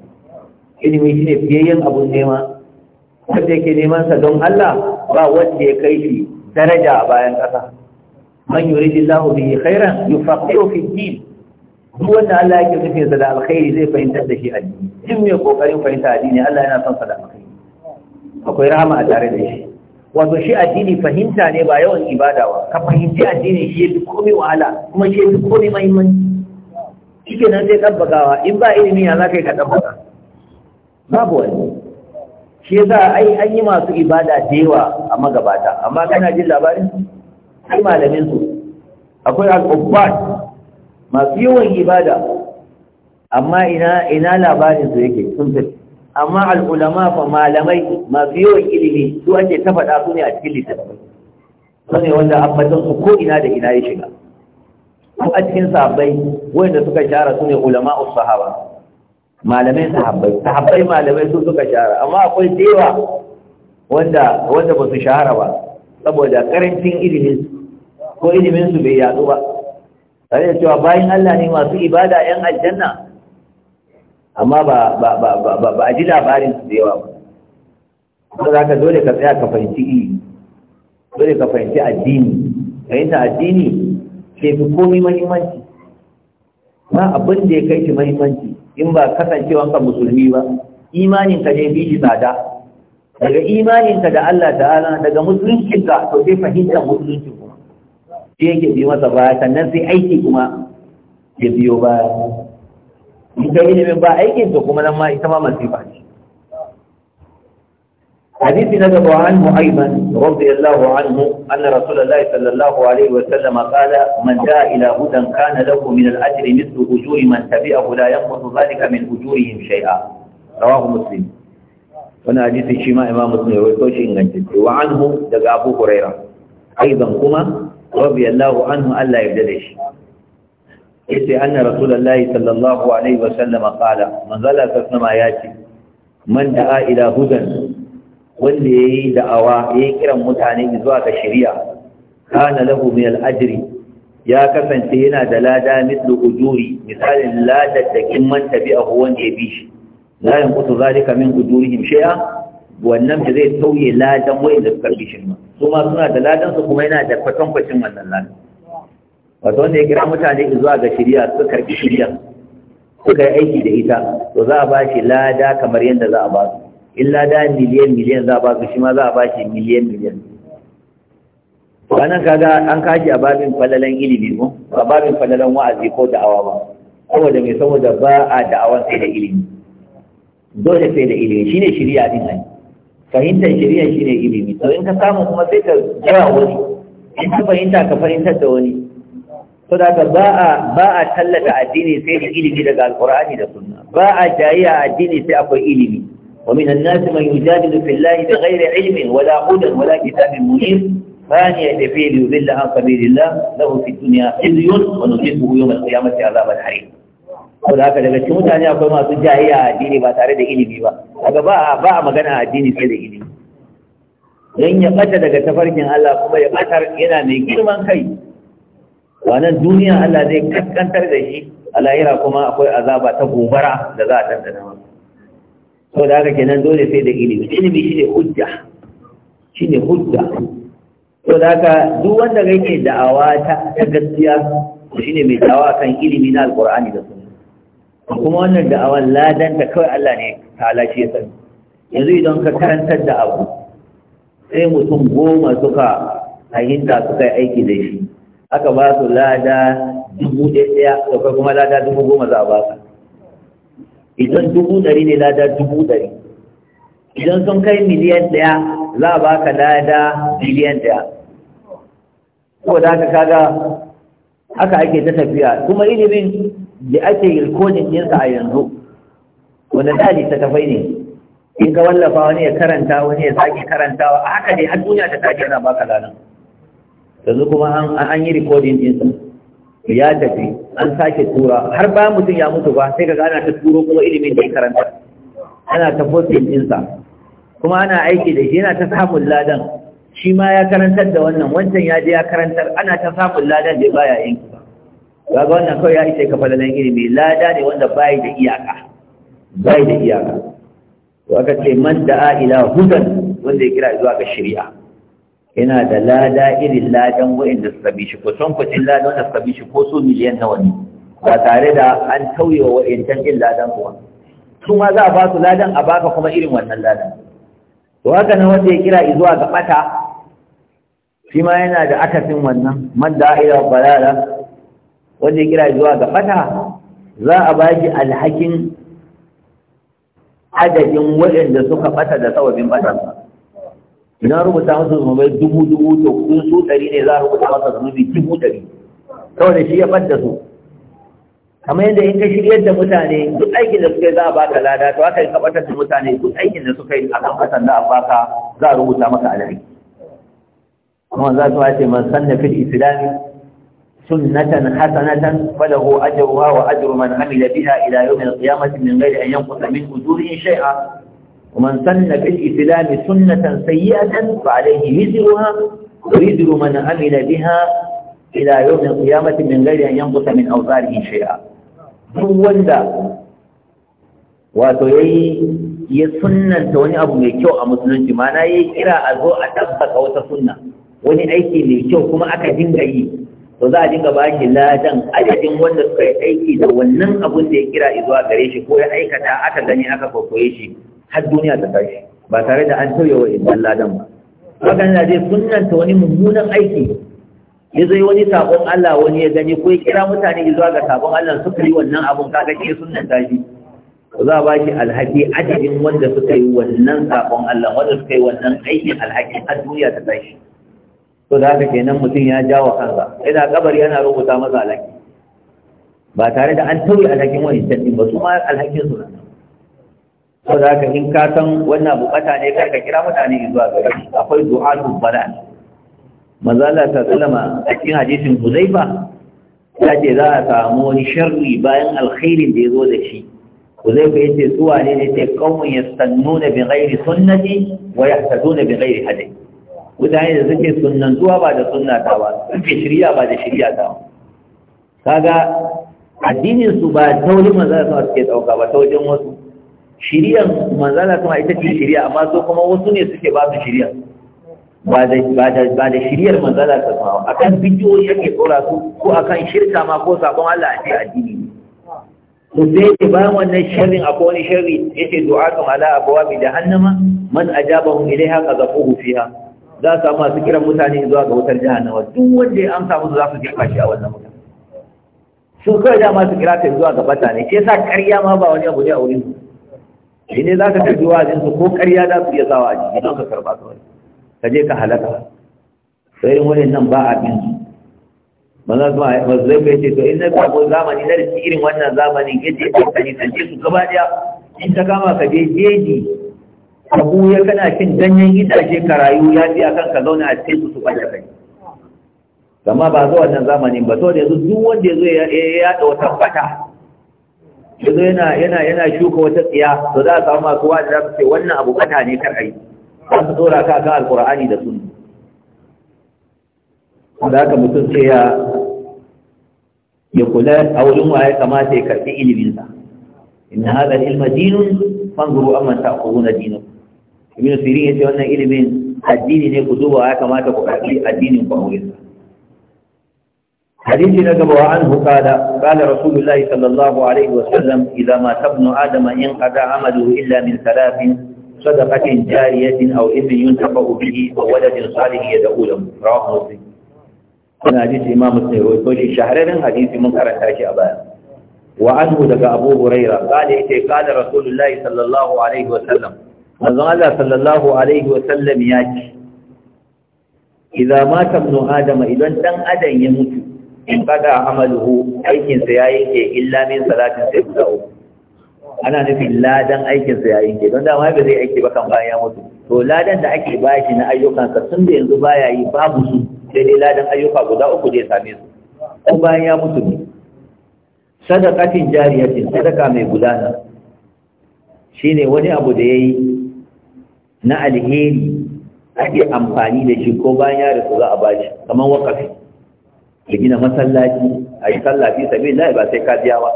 Speaker 1: ilimi shine fiyayyen abun nema wanda yake neman sa don Allah ba wanda ya kai shi daraja a bayan kasa man yuridillahu bihi khairan yufaqihu fi din duk wanda Allah yake nufin sa da alkhairi zai fahimtar da shi addini duk mai kokarin fahimta addini Allah yana son sa da alkhairi akwai rahama a tare da shi wato shi addini fahimta ne ba yawan ibada ba ka fahimci addini shi yafi komai wahala kuma shi yafi komai mahimmanci. shike nan sai tabbakawa in ba ilimi ya zaka yi ka tabbaka babu wani shi yasa ai an yi masu ibada da yawa a magabata amma kana jin labarin ai malamin su akwai al masu yawan ibada amma ina ina labarin su yake sun fi amma al'ulama fa malamai masu yawan ilimi su ake ta faɗa su ne a cikin littattafai su ne wanda ambatan su ko ina da ina ya shiga ko a cikin sahabbai wanda suka shara su ne ulama sahaba malamai sahabbai sahabbai malamai su suka shara amma akwai dewa wanda wanda ba su shahara ba saboda karancin ilimin ko ilimin su bai yadu ba tare cewa bayan Allah ne masu ibada ‘yan aljanna amma ba a ji labarin su da yawa ba kuma za ka dole ka tsaya ka fahimci iri dole ka fahimci addini fahimta addini ke fi komi mahimmanci ba abin da ya kai shi mahimmanci in ba ka musulmi ba imaninka ne bi shi tsada daga imaninka da Allah ta'ala daga musuluncinka to sai musulunci ku. ke ke biyo masa baya sannan sai aiki kuma ya biyo baya in ka yi ba aikin to kuma nan ma ita ma masu ba ce hadisi na gaba an mu'aiman rabbi allahu an mu an na rasu lallahi sallallahu wa sallama kala man da ila hudan kana lahu min al'ajiri mislu hujuri man tabi a guda yan mutu zalika min hujuri yin shai'a wani hadisi shi ma imam muslim ya wato shi ingantacce wa an mu daga abu huraira aizan kuma radiyallahu anhu Allah ya yarda da shi yace anna rasulullahi sallallahu alaihi wa sallam qala man zala ya ce. man da'a ila hudan wanda yayi da'awa yayi kiran mutane zuwa ga shari'a kana lahu min al-ajri ya kasance yana da lada mislu ujuri misalin ladar da kin man tabi'ahu wanda ya bi shi la yanqutu zalika min ujurihim himshaya? wannan da zai sauye ladan wai da suka bishin ma su ma suna da ladan su kuma yana da kwatankwacin wannan ladan wato wanda ya kira mutane zuwa ga shirya suka karbi shirya suka yi aiki da ita to za a ba shi lada kamar yadda za a ba su in lada miliyan miliyan za a ba su shi ma za a ba shi miliyan miliyan wannan kaga an kaji a babin falalan ilimi ko a babin falalan wa'azi ko da'awa ba saboda mai saboda ba a da'awan sai da ilimi dole sai da ilimi shine shirya din ai fahimtar shari'a shine ilimi to in ka samu kuma sai ka gaya wani in ka fahimta ka fahimtar da wani to da ba a ba a tallata addini sai da ilimi daga alqur'ani da sunna ba a jayiya addini sai akwai ilimi wa min an-nas man yujadilu fillahi bighairi ilmin wala hudan wala kitabin munir ثانية لفعل يضل عن سبيل الله له في الدنيا خزي ونذيقه يوم القيامة عذاب الحريق saboda haka daga cikin mutane akwai masu jahiya a addini ba tare da ilimi ba daga ba ba a magana a addini sai da ilimi don ya bata daga tafarkin Allah kuma ya batar yana mai girman kai wannan duniya Allah zai kaskantar da shi a lahira kuma akwai azaba ta gobara da za a tantana masa saboda haka kenan dole sai da ilimi ilimi shine hujja shine hujja saboda haka duk wanda yake da'awa ta gaskiya shine mai da'awa kan ilimi na alqur'ani da su. kuma wannan da'awar ladan kawai Allah ne ta shi ya sani yanzu idan ka karantar da abu sai mutum goma suka fahimta suka yi aiki da shi aka ba su lada dubu ɗaya da kuma lada dubu goma za a ba su idan dubu ɗari ne lada dubu ɗari idan sun kai miliyan ɗaya za a ba ka lada miliyan ɗaya da haka kaga haka ake ta tafiya kuma ilimin da ake rikodin yinsa a yanzu wanda ɗali ta tafai ne in ka wallafa wani ya karanta wani ya sake karantawa a haka ne har duniya ta sake yana baka lanar yanzu kuma an yi rikodin ɗinsa ya tafi an sake tura har ba mutum ya mutu ba sai ka ana ta turo kuma ilimin da ya karanta ana ta fosin ɗinsa kuma ana aiki da shi yana ta samun ladan shi ma ya karantar da wannan wancan ya je ya karantar ana ta samun ladan da baya yin ga wannan kawai ya ishe ka falalan ilimi lada ne wanda bai da iyaka
Speaker 2: bai da iyaka
Speaker 1: to aka ce man a ila hudan wanda ya kira zuwa ga shari'a yana da lada irin ladan wa'inda suka bi shi ko son kucin ladan wanda suka bi shi ko su miliyan nawa ne ba tare da an tauye wa wa'incan din ladan kuma su ma za a ba su ladan a baka kuma irin wannan ladan to haka nan wanda ya kira zuwa ga bata shi ma yana da akasin wannan man a ila balala wanda ya kira zuwa ga fata za a ba shi alhakin adadin waɗanda suka fata da sababin fatansa idan rubuta masa zunubai dubu dubu to kun su ɗari ne za a rubuta masa zunubi dubu ɗari saboda shi ya fadda su kamar yadda in ka shirya da mutane duk aikin da suka yi za a baka lada to aka yi ka ɓatar da mutane duk aikin da suka yi a kan fatan za a baka za a rubuta maka alhaki kuma za su ce man sanna fil islami سنة حسنة فله أجرها وأجر من عمل بها إلى يوم القيامة من غير أن ينقص من أجوره شيئا ومن سن في الإسلام سنة سيئة فعليه وزرها وزر من عمل بها إلى يوم القيامة من غير أن ينقص من أوزاره شيئا هو wato ya yi سنة sunanta أبو abu mai جمانا a musulunci mana ya kira a zo a tabbata wata sunna wani to za a dinga ba shi ladan adadin wanda suka yi aiki da wannan abun da ya kira zuwa gare shi ko ya aikata aka gani aka kwakwaye shi har duniya ta tashi ba tare da an tauye wa idan ladan ba hakan na zai sunanta wani mummunan aiki ya zai wani sabon Allah wani ya gani ko ya kira mutane zuwa ga sabon Allah suka yi wannan abun kaga ke sunanta shi za a ba shi alhaki adadin wanda suka yi wannan sabon Allah wanda suka yi wannan aikin alhakin har duniya ta tashi to da haka kenan mutum ya jawo kansa yana kabari yana rubuta masa alhaki ba tare da an tauye alhakin wani can ba su ma alhakin su nan to da haka in ka san wannan bukata ne kar ka kira mutane zuwa gare shi akwai du'atu bala mazala ta sallama a cikin hadisin huzaifa ya ce za a samu wani sharri bayan alkhairin da ya zo da shi huzaifa ya ce suwa ne ne ce kaumun ya sannu da bi ghairi sunnati wa ya hasadu da bi ghairi hadai mutane da suke sunantuwa ba da sunata ba suke shirya ba da shirya ta kaga addinin su ba ta wani manzala sama suke dauka ba ta wajen wasu shiryan manzala sama ita ce shirya amma so kuma wasu ne suke ba su shirya ba da shiryar manzala sama a kan bidiyoyi yake tsora su ko a kan shirka ma ko sakon Allah a ce addini ne to sai ce bayan wannan sharrin akwai wani sharri yace du'atun ala abwabi jahannama man ajabahu ilaiha qazafuhu fiha za a samu masu kiran mutane zuwa ga wutar Nawa, duk wanda ya amsa musu za su jefa shi a wannan wutar su kawai dama su kira ta zuwa ga bata ne ke sa ƙarya ma ba wani abu ne a wurin su shi ne za ka wa wajin su ko ƙarya za su iya sawa a jiki don ka karba su wani ka je ka halaka sai wani nan ba a bin su manzan su zai bai ce to in na samu zamani na da irin wannan zamani ya ce ka nisanci su gaba ɗaya in ta kama ka je jeji abu ya kana cin ganyen itace ka rayu ya fi akan ka zauna a cikin su kwanta kai gama ba zuwa nan zamanin ba to da yanzu duk wanda zo ya yaɗa wata fata yanzu yana yana yana shuka wata tsiya to za a samu masu da za su ce wannan abu fata ne kar yi, za su tsora ka kan Alƙur'ani da sunna da haka mutum sai ya ya kula a wurin waye kamata ya karɓi sa inna hadha ilma dinun fanzuru amma ta'khuduna dinakum ibn sirin yace wannan ilimin addini ne ku duba ya kamata ku karbi addinin ku حديث نجب عنه قال قال رسول الله صلى الله عليه وسلم إذا مات ابن آدم انقضى عمله إلا من ثلاث صدقة جارية أو إبن ينتفع به أو ولد صالح يدعو له رواه مسلم هنا حديث إمام مسلم ويقول شهرين حديث منكر تاشي أبا وعنه دق أبو هريرة قال إتي قال رسول الله صلى الله عليه وسلم manzon Allah sallallahu alaihi wa sallam ya ce idan mata ibn Adama idan dan adam ya mutu in kada amaluhu aikin sa yayi ke illa min salatin sai guda uku ana nufin ladan aikin sa yayi ke don da ma ba zai aiki ba kan bayan ya mutu to ladan da ake bashi na ayyukansa tun da yanzu baya yi babu su sai dai ladan ayyuka guda uku da ya same su ko bayan ya mutu ne sadaqatin jariyatin sadaka mai gudana shine wani abu da yayi na alheri ake amfani da shi ko bayan ya rasu za a bashi kamar wakafi ya gina masallaci a yi sallah fi sabi lai ba sai ka biya ba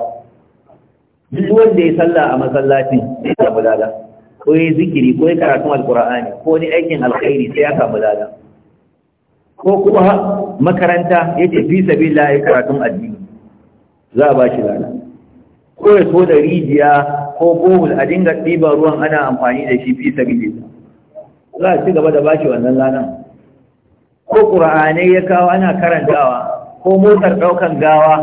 Speaker 1: duk wanda ya sallah a masallacin zai samu lada ko ya zikiri ko ya karatun alkur'ani ko ni aikin alkhairi sai ya samu lada ko kuma makaranta ya ce fi sabi lai karatun addini za a bashi lada ko ya so da rijiya ko bohol a dinga ɗiban ruwan ana amfani da shi fi sabilillah za a ci gaba da bashi wannan lanan ko ƙur'anai ya kawo ana karantawa ko motar ɗaukan gawa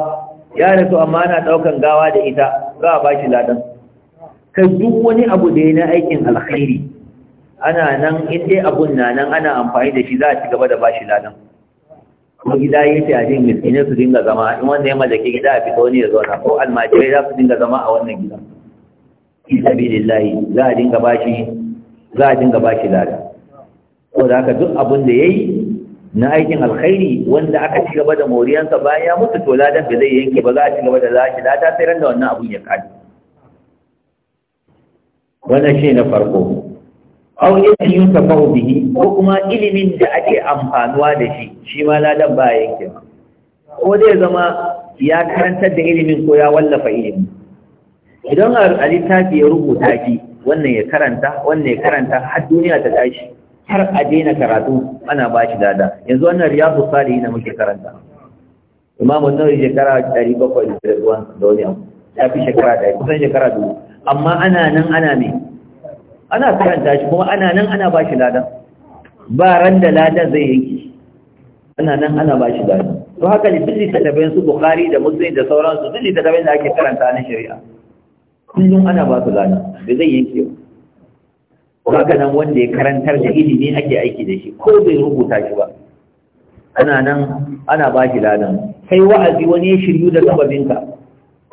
Speaker 1: ya rasu amma ana ɗaukan gawa da ita za a bashi ladan ka duk wani abu da ya na aikin alkhairi ana nan in dai abun na nan ana amfani da shi za a ci gaba da bashi ladan ko gida yi ta yajin miskinai su dinga zama in wanda ya mallake gida a fito ne ya zauna ko almajirai za su dinga zama a wannan gida fi lillahi za a dinga bashi za a dinga bashi lada ko da haka duk abin da yayi na aikin alkhairi wanda aka ci gaba da moriyansa bayan ya mutu to ladan ba zai yanke ba za a ci gaba da lashi lada sai ran da wannan abun ya kare wannan shi na farko aw yadda yuntafa'u bihi ko kuma ilimin da ake amfanuwa da shi shi ma ladan ba yake ko zai zama ya karantar da ilimin ko ya wallafa ilimi idan a littafi ya rubuta shi wannan ya karanta wannan ya karanta har duniya ta tashi har a daina karatu ana ba shi dada yanzu wannan riyadu salihin da muke karanta ya nawawi shekara 700 da wani abu ya fi shekara 1 kusan shekara 2 amma ana nan ana ne ana karanta shi kuma ana nan ana ba shi ladan ba ran da ladan zai yanki ana nan ana ba shi ladan to haka ne duk littattafai su bukhari da muslim da sauransu duk littattafai da ake karanta na shari'a kullum ana ba su ladan da zai yanke ba haka nan wanda ya karantar da ilimi ake aiki da shi ko bai rubuta shi ba ana nan ana ba shi ladan kai wa'azi wani ya shiryu da sababinka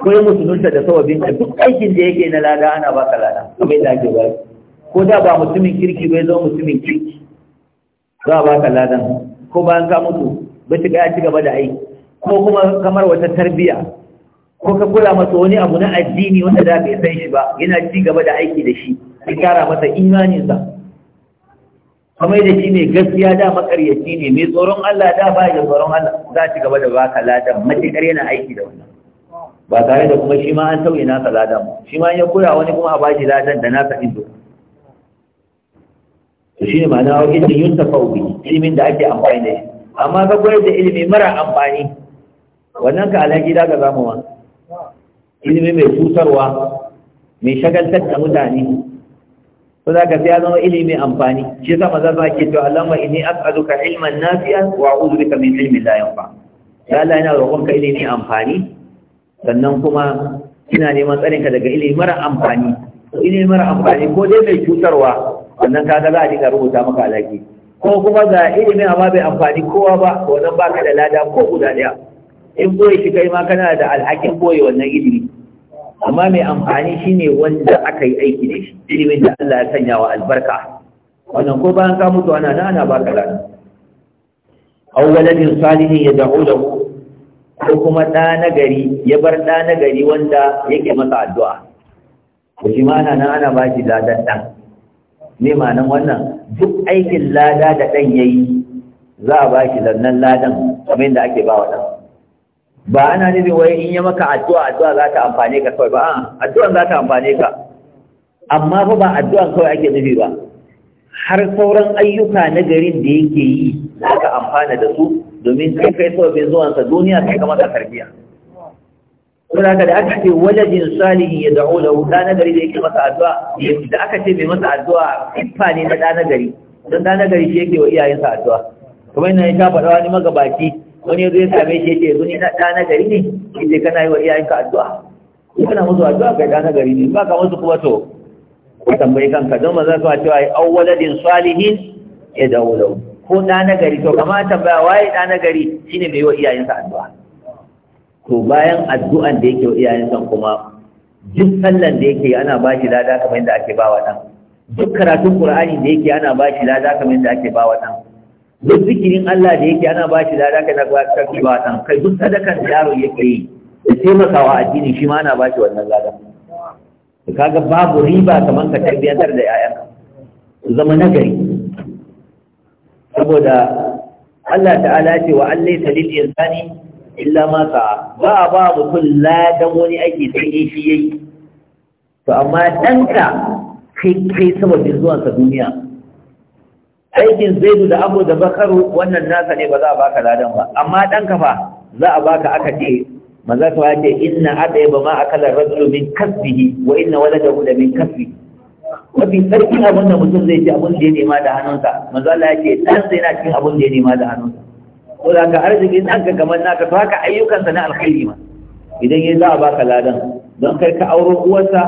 Speaker 1: ko ya musulunta da sababinka duk aikin da yake na lada ana ba ka lada kamar yadda ake ba ko da ba mutumin kirki bai zo mutumin kirki za a baka ladan ko ba ka mutu ba ci ya ci gaba da aiki ko kuma kamar wata tarbiya ko ka kula masa wani abu na addini wanda da bai san shi ba yana ci gaba da aiki da shi ka kara masa imaninsa kamar da shi ne gaskiya da makaryaci ne mai tsoron Allah da ba ya tsoron Allah za ci gaba da baka ladan matukar yana aiki da wannan ba tare da kuma shi ma an tauye nasa ladan shi ma ya kula wani kuma a bashi ladan da nasa Indo. to shi ne ma'ana wa ilmin yuntafa bi ilimin da ake amfani da shi amma ka koyar da ilimi mara amfani wannan ka alhaki da ka zamu ma ilimi mai cutarwa mai shagaltar da mutane ko za ka ya zama ilimi mai amfani shi yasa maza ba ke cewa Allahumma inni as'aluka ilman nafi'an wa a'udhu bika min ilmin la yanfa ya Allah ina roƙon ka ilimi amfani sannan kuma ina neman tsarin ka daga ilimi mara amfani ilimi mara amfani ko dai mai cutarwa wannan kaga za a dinga rubuta maka alhaki ko kuma ga ilimin amma bai amfani kowa ba to nan baka da lada ko guda daya in boye shi kai ma kana da alhakin boye wannan ilimi amma mai amfani shine wanda aka yi aiki da shi ilimin da Allah ya sanya wa albarka wannan ko bayan ka mutu ana nan ana baka lada aw waladin salihin da'u lahu ko kuma ɗa na gari ya bar ɗa na gari wanda yake masa addu'a ko shi ma ana nan ana ba shi ladan dan me ma'anan wannan duk aikin lada da ɗan ya yi za a ba shi lannan ladan kamar yadda ake ba wa ɗan ba ana nufi wai in yi maka addu'a addu'a za ta amfane ka kawai ba a addu'a za ta amfane ka amma fa ba addu'a kawai ake nufi ba har sauran ayyuka na garin da yake yi za ka amfana da su domin kai kai sababin zuwansa duniya kai kamar ka tarbiya wanda aka da aka ce waladin salihin ya da'o lahu da na da yake masa addu'a da aka ce mai masa addu'a siffa ne na da don da shi yake wa iyayensa addu'a kuma ina ya faɗa wani magabaci wani ya zo ya same shi yake yanzu ni na da na gari ne kana yi wa iyayenka addu'a kana musu addu'a kai da ne ba ka musu kuma to ku tambayi kanka don maza su cewa ai waladin salihin ya da'o lahu ko da to kamar tambaya waye da na gari shine mai wa iyayensa addu'a to bayan addu'an da yake wa san kuma duk sallan da yake ana ba shi lada kamar yadda ake ba wa dan duk karatun qur'ani da yake ana ba shi lada kamar yadda ake ba wa dan duk zikirin Allah da yake ana ba shi lada kamar yadda ake ba wa kai duk sadakan da yaro yake yi da taimakawa addini shi ma ana ba shi wannan lada kaga babu riba kamar ka tarbiyyantar da 'ya'yanka zama nagari saboda Allah ta'ala ce wa allai lil insani illa ma ba a ba mutum ladan wani aiki sai shi yayi to amma danka kai kai sababin zuwansa duniya aikin zaidu da abu da bakaru wannan nasa ne ba za a baka ladan ba amma danka fa za a baka aka ce maza ta ce inna adai ba ma akala rajulu min kasbihi wa inna waladahu la min kasbi mafi sarki abin da mutum zai ci abin da ya nema da hannunsa maza Allah ya ce dan zai na cikin abin da ya nema da hannunsa ko da ka arzikin ka kamar naka to haka sa na alkhairi ma idan ya za a baka ladan don kai ka auro uwarsa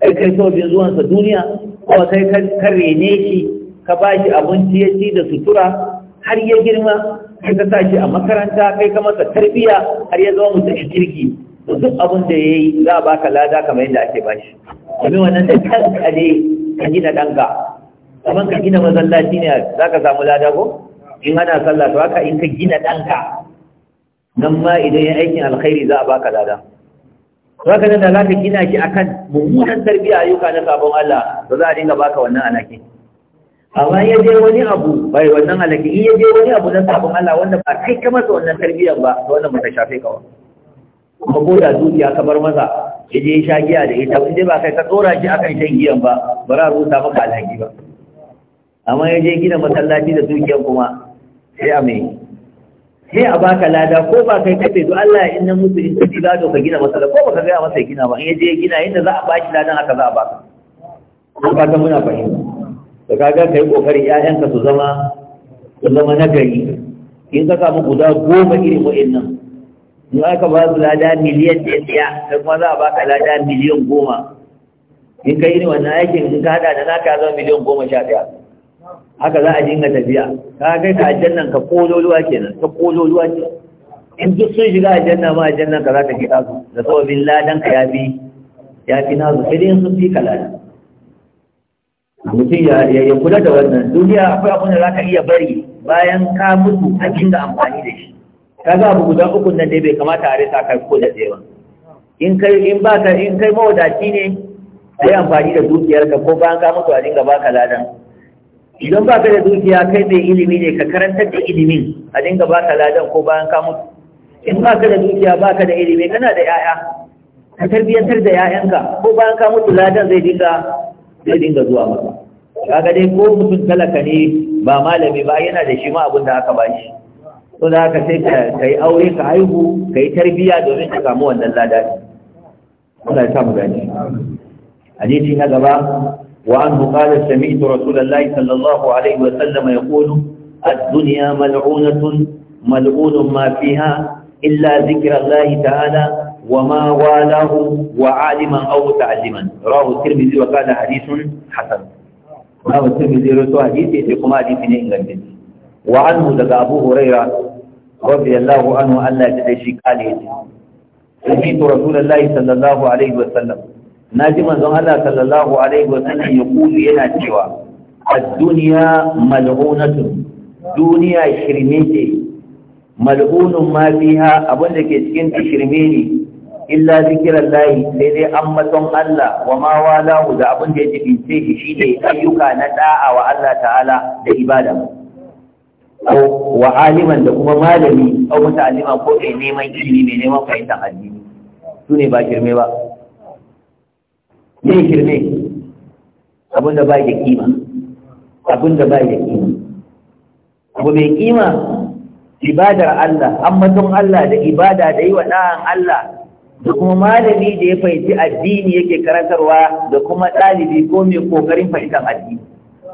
Speaker 1: kai kai zuwan sa duniya ko kai ka rene shi ka ba shi abun ya ci da sutura har ya girma kai ka sa shi a makaranta kai ka masa tarbiyya har ya zama mutum kirki to duk abin da ya yi za a baka lada kamar yadda ake ba shi domin wannan da kanka ne ka gina ɗanka kamar ka gina masallaci ne za ka samu lada ko in ana sallah to haka in ka gina ɗanka nan ma idan ya aikin alkhairi za a baka lada haka nan da za ka gina shi akan mummunan tarbiyya ayyuka na sabon Allah to za a dinga baka wannan alaki amma ya je wani abu bai wannan alaki in ya je wani abu na sabon Allah wanda ba kai ka masa wannan tarbiyyar ba to wannan ba ta shafe ka ba kuma ko da dukiya ka bar masa ya je ya sha giya da ita in dai ba kai ka tsora shi akan shan giyan ba ba za a rusa maka alhaki ba amma ya je gina masallaci da dukiyan kuma sai a mai sai a baka lada ko ba kai kafe to Allah in na mutu in kace gado ka gina masa ko ba ka gaya masa gina ba in yaje ya gina inda za a baki ladan haka za a baka ko ba muna fahimta Da kaga kai kokari ƴaƴanka su zama su zama nagari in ka samu guda goma irin wa'annan in aka ba su lada miliyan ɗaya ta kuma za a baka lada miliyan goma in ka yi wannan aikin in ka hada da naka zama miliyan goma sha ɗaya haka za a dinga tafiya ka kai ka ajannan ka kololuwa kenan ka ta kololuwa ce in duk sun shiga ajanna ma aljannan ka za ta kira su da sababin ladan ka ya fi ya fi nasu sai dai sun fi ka ladan mutum ya kula da wannan duniya akwai abin da za ka iya bari bayan ka mutu a dinga amfani da shi ka ga abu guda uku nan dai bai kamata a rasa kai ko da tsewa in kai in ba ka in kai mawadaci ne sai amfani da dukiyarka ko bayan ka mutu a dinga ba ka ladan idan ba ka da dukiya kai mai ilimi ne ka karantar da ilimin a dinga ba ka ladan ko bayan ka mutu in ba ka da dukiya ba ka da ilimi kana da 'ya'ya ka tarbiyyantar da 'ya'yanka ko bayan ka mutu ladan zai dinga zai dinga zuwa ba kaga dai ko mutum talaka ne ba malami ba yana da shi ma abin da aka bashi to da aka sai ka yi aure ka haihu ka yi tarbiyya domin ka samu wannan lada Allah ya sa mu gani hadisi na gaba وعنه قال سمعت رسول الله صلى الله عليه وسلم يقول الدنيا ملعونة ملعون ما فيها إلا ذكر الله تعالى وما والاه وعالما أو متعلما رواه الترمذي وقال حديث حسن رواه الترمذي رواه حديث يقوم حديث إنجلتي وعنه لقى أبو هريرة رضي الله عنه ألا تدشي قال سمعت رسول الله صلى الله عليه وسلم na ji manzon Allah sallallahu alaihi wasallam ya kulu yana cewa ad-dunya mal'unatu duniya shirme ce mal'unun ma fiha abin da ke cikin ta shirme ne illa zikiran layi sai dai an maton Allah wa ma walahu da abin da ya jibince shi ne, ayyuka na da'a wa Allah ta'ala da ibada wa aliman da kuma malami ko mutalima ko kai neman ilimi neman fahimtar addini su ne ba shirme ba yin shirme abin da ba yi da kima abin da ba yi da kima abu mai kima ibadar Allah ammatun Allah da ibada da yi wa ɗa'an Allah da kuma malami da ya fahimci addini yake karantarwa da kuma ɗalibi ko mai ƙoƙarin fahimtar addini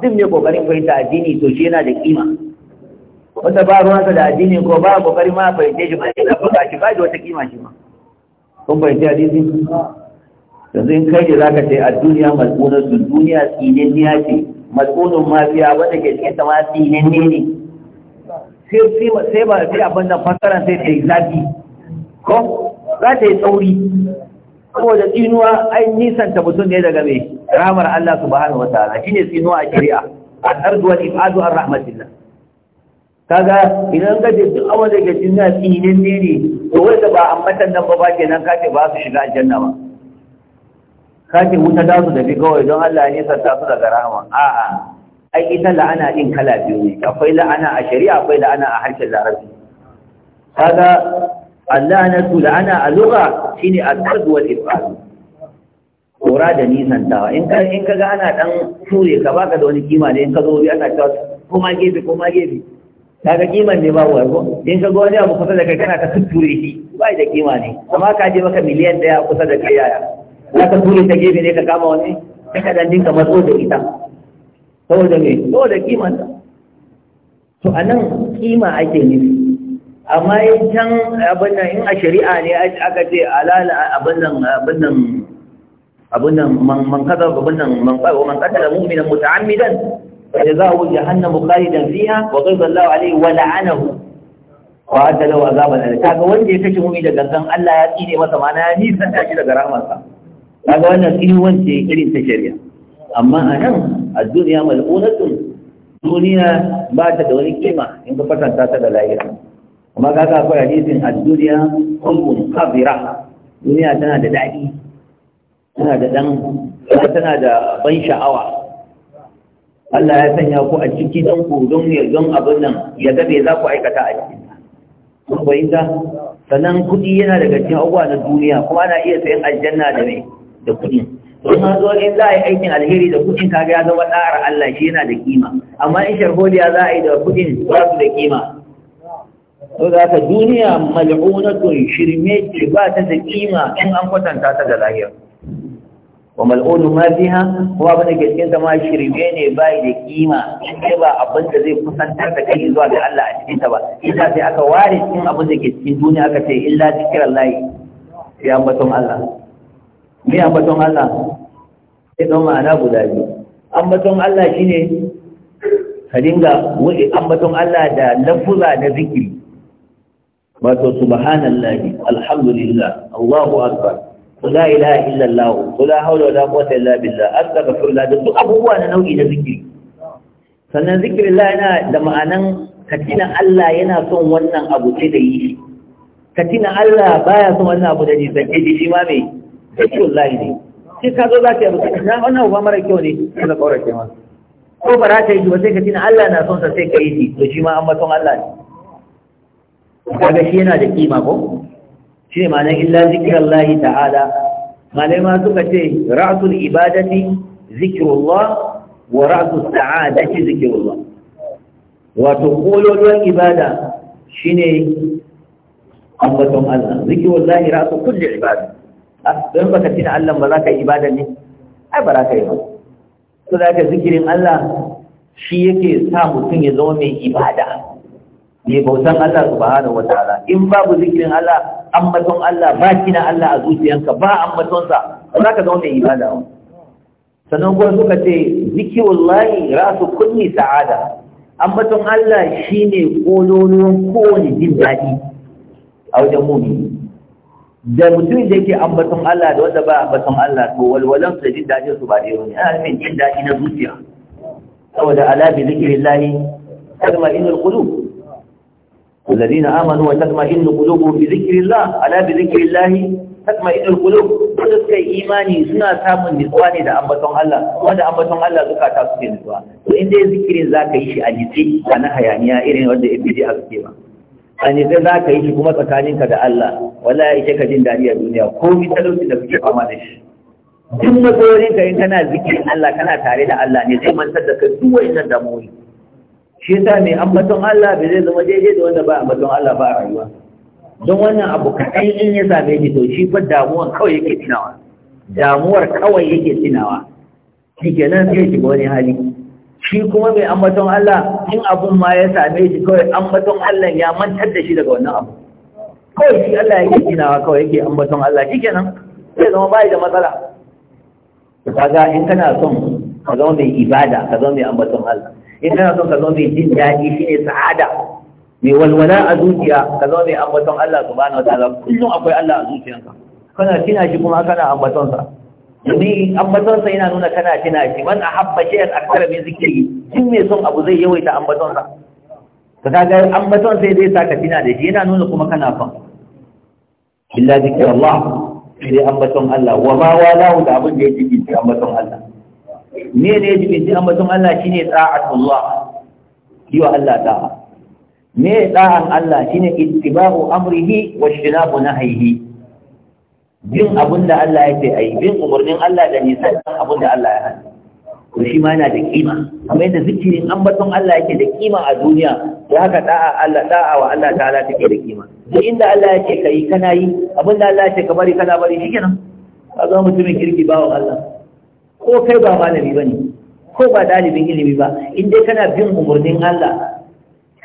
Speaker 1: duk mai ƙoƙarin fahimta addini to shi yana da kima wanda ba ruwansa da addini ko ba ƙoƙarin ma fahimce shi ba shi ba shi wata kima shi ma kun fahimci addini yanzu in kai ne za ka ce a duniya matsunan su duniya tsinanniya ce matsunan mafiya wanda ke cikin sama tsinanne ne sai ba sai abin nan fassara sai ta yi zafi ko za ta yi tsauri saboda tsinuwa ai nisanta mutum ne daga mai ramar Allah wata ala shi ne tsinuwa a shari'a a ardu wal ibadu ar rahmatillah kaga idan ka je duk awon da ke jinna tsinin ne ne to wanda ba matan nan ba ba kenan ka ce ba su shiga aljanna ba kake wuta da su bi kawai don Allah ne santa su daga rahama a'a ai ita la'ana din kala biyu ne akwai la'ana a shari'a akwai la'ana a harshen larabci kaga su la'ana a lugha shine al-qad wal ifad kora da nisan tawa in ka in kaga ana dan ture ka baka da wani kima ne in ka zo bi ana cewa kuma gefe kuma gefe kaga kiman ne ba ko in ka ga wani abu kusa da kai kana ta ture shi bai da kima ne amma ka je maka miliyan daya kusa da kai yaya za ka ture ta gefe ne ka kama wani ta kadandin kamar matso da ita saboda me saboda kiman ta to a nan kima ake nufi amma in can abin nan in a shari'a ne aka ce alala abin nan abin nan abin nan man kaza abin nan man kaza man da mu'minan muta'ammidan wa جهنم خالدا wa وغضب wa la'anahu wa وعد له عذابا اليم kaga wanda ya kashe mumi da gangan Allah ya tsine masa mana ya nisan shi daga rahmarsa kaga wannan tsinuwan wance irin ta shari'a amma a nan a duniya mal'unatun duniya ba ta da wani kima in ka fasanta ta da lahira amma ga akwai hadisin a duniya kullum kabira duniya tana da daɗi tana da ɗan tana da ban sha'awa Allah ya sanya ku a ciki don ku don ya don abin nan ya ga me za ku aikata a cikin kun fahimta sannan kuɗi yana daga cikin abubuwa na duniya kuma ana iya sayan aljanna da me da kuɗin to zo in za a yi aikin alheri da kuɗin kaga ya zama ɗa'ar Allah shi yana da kima amma in sharholiya za a yi da kuɗin ba da kima to za ka duniya mal'unatun shirme ce ba ta da kima in an kwatanta ta da lahiyar wa mal'unu ma biha kuma abin da ke cikin zama shirme ne ba da kima in ce ba abin da zai kusantar da kai zuwa ga Allah a cikin ta ba ita sai aka ware cikin abin da ke cikin duniya aka ce illa zikirallahi ya ambaton Allah me ambaton Allah sai don ma'ana guda biyu ambaton Allah shi ne. ka dinga wani ambaton Allah da lafuza da zikiri wato subhanallah alhamdulillah Allahu akbar la ilaha illallah kula hawla wala quwwata illa billah astaghfirullah duk abubuwa na nau'i na zikiri sannan zikirin la yana da ma'anan katina Allah yana son wannan abu ce da yi katina Allah baya son wannan abu da ni sai shi ma mai. sai wallahi ne sai ka zo za ka yi abu sai wannan uba mara kyau ne sai ka kaurace masa ko ba za ka yi ba sai ka tina Allah na son sa sai ka yi shi to shi ma an maton Allah ne kaga shi yana da kima ko shi ne ma'anar illa zikirallahi ta'ala malai ma suka ce ra'asul ibadati zikirullah wa ra'asul sa'adati zikirullah wato kololuwar ibada shine ambaton Allah zikirullahi ra'asul kulli ibada Ah, don baka tina Allah ba za ka yi ibada ne ai ba za ka yi ba to da ka zikirin Allah shi yake sa mutum ya zama mai ibada mai bautan Allah subhanahu ala? in babu zikirin Allah Ammaton Allah ba tina Allah a zuciyanka ba Ammatonsa ba za ka zama mai ibada ba sannan kuma suka ce zikirullahi ra'su kulli sa'ada Ammaton Allah shine kololuwan kowane jin daɗi a wajen mumini da mutum da yake ambaton Allah da wanda ba ambaton Allah to walwalan su da jin dajin su ba da yau ne ana nufin jin daɗi na zuciya saboda ala bi zikrillahi tatma'innul qulub الذين آمنوا وتطمئن قلوبهم بذكر الله ألا بذكر الله تطمئن القلوب wanda suka yi imani suna samun nutsuwa ne da ambaton Allah wanda ambaton Allah zukata suke nutsuwa to in dai zikirin zaka yi shi a jiki ba na hayaniya irin wanda ibidi a suke ba a sai za ka yi shi kuma tsakaninka da Allah wala ya ishe ka jin daɗi a duniya ko mi talauci da kuke fama da shi duk matsalolin ka in kana zikirin Allah kana tare da Allah ne zai mantar da ka duk wa'innan damuwoyi shi yasa mai ambaton Allah bai zai zama daidai da wanda ba ambaton Allah ba a rayuwa don wannan abu kaɗan in ya same shi to shi fa damuwar kawai yake tunawa damuwar kawai yake tunawa shi kenan sai shiga wani hali shi kuma mai ambaton Allah in abun ma ya same shi kawai ambaton Allah ya mantar da shi daga wannan abu kawai shi Allah yake ginawa kawai yake ambaton Allah shikenan sai zama bai da matsala kaga in kana son ka zama mai ibada ka zama mai ambaton Allah in kana son ka zama mai jin daɗi shine sa'ada mai walwala a zuciya ka zama mai ambaton Allah subhanahu wataala kullum akwai Allah a zuciyanka kana tina shi kuma kana ambaton sa domin ambatonsa yana nuna kana tina shi man a habba shayar a kara mai zikiri in mai son abu zai yawaita ambatonsa ka kaga ambatonsa zai sa ka tina da shi yana nuna kuma kana son illa zikiri Allah shi dai ambaton Allah wa ma lahu da abin da ya jibinci ambaton Allah me ne ya jibinci ambaton Allah shine ta'atullah yi wa Allah ta'a me da'an Allah shine ittiba'u amrihi wa shinabu haihi. bin abin da Allah ya ce a yi bin umarnin Allah da nisan abin da Allah ya hana to shi ma yana da kima amma yadda zikirin ambaton Allah yake da kima a duniya to haka da'a Allah da'a wa Allah ta'ala take da kima duk inda Allah ya ce ka yi kana yi abin da Allah ya ce ka bari kana bari shikenan ka zama mutumin kirki bawan Allah ko kai ba malami bane ko ba dalibin ilimi ba in dai kana bin umarnin Allah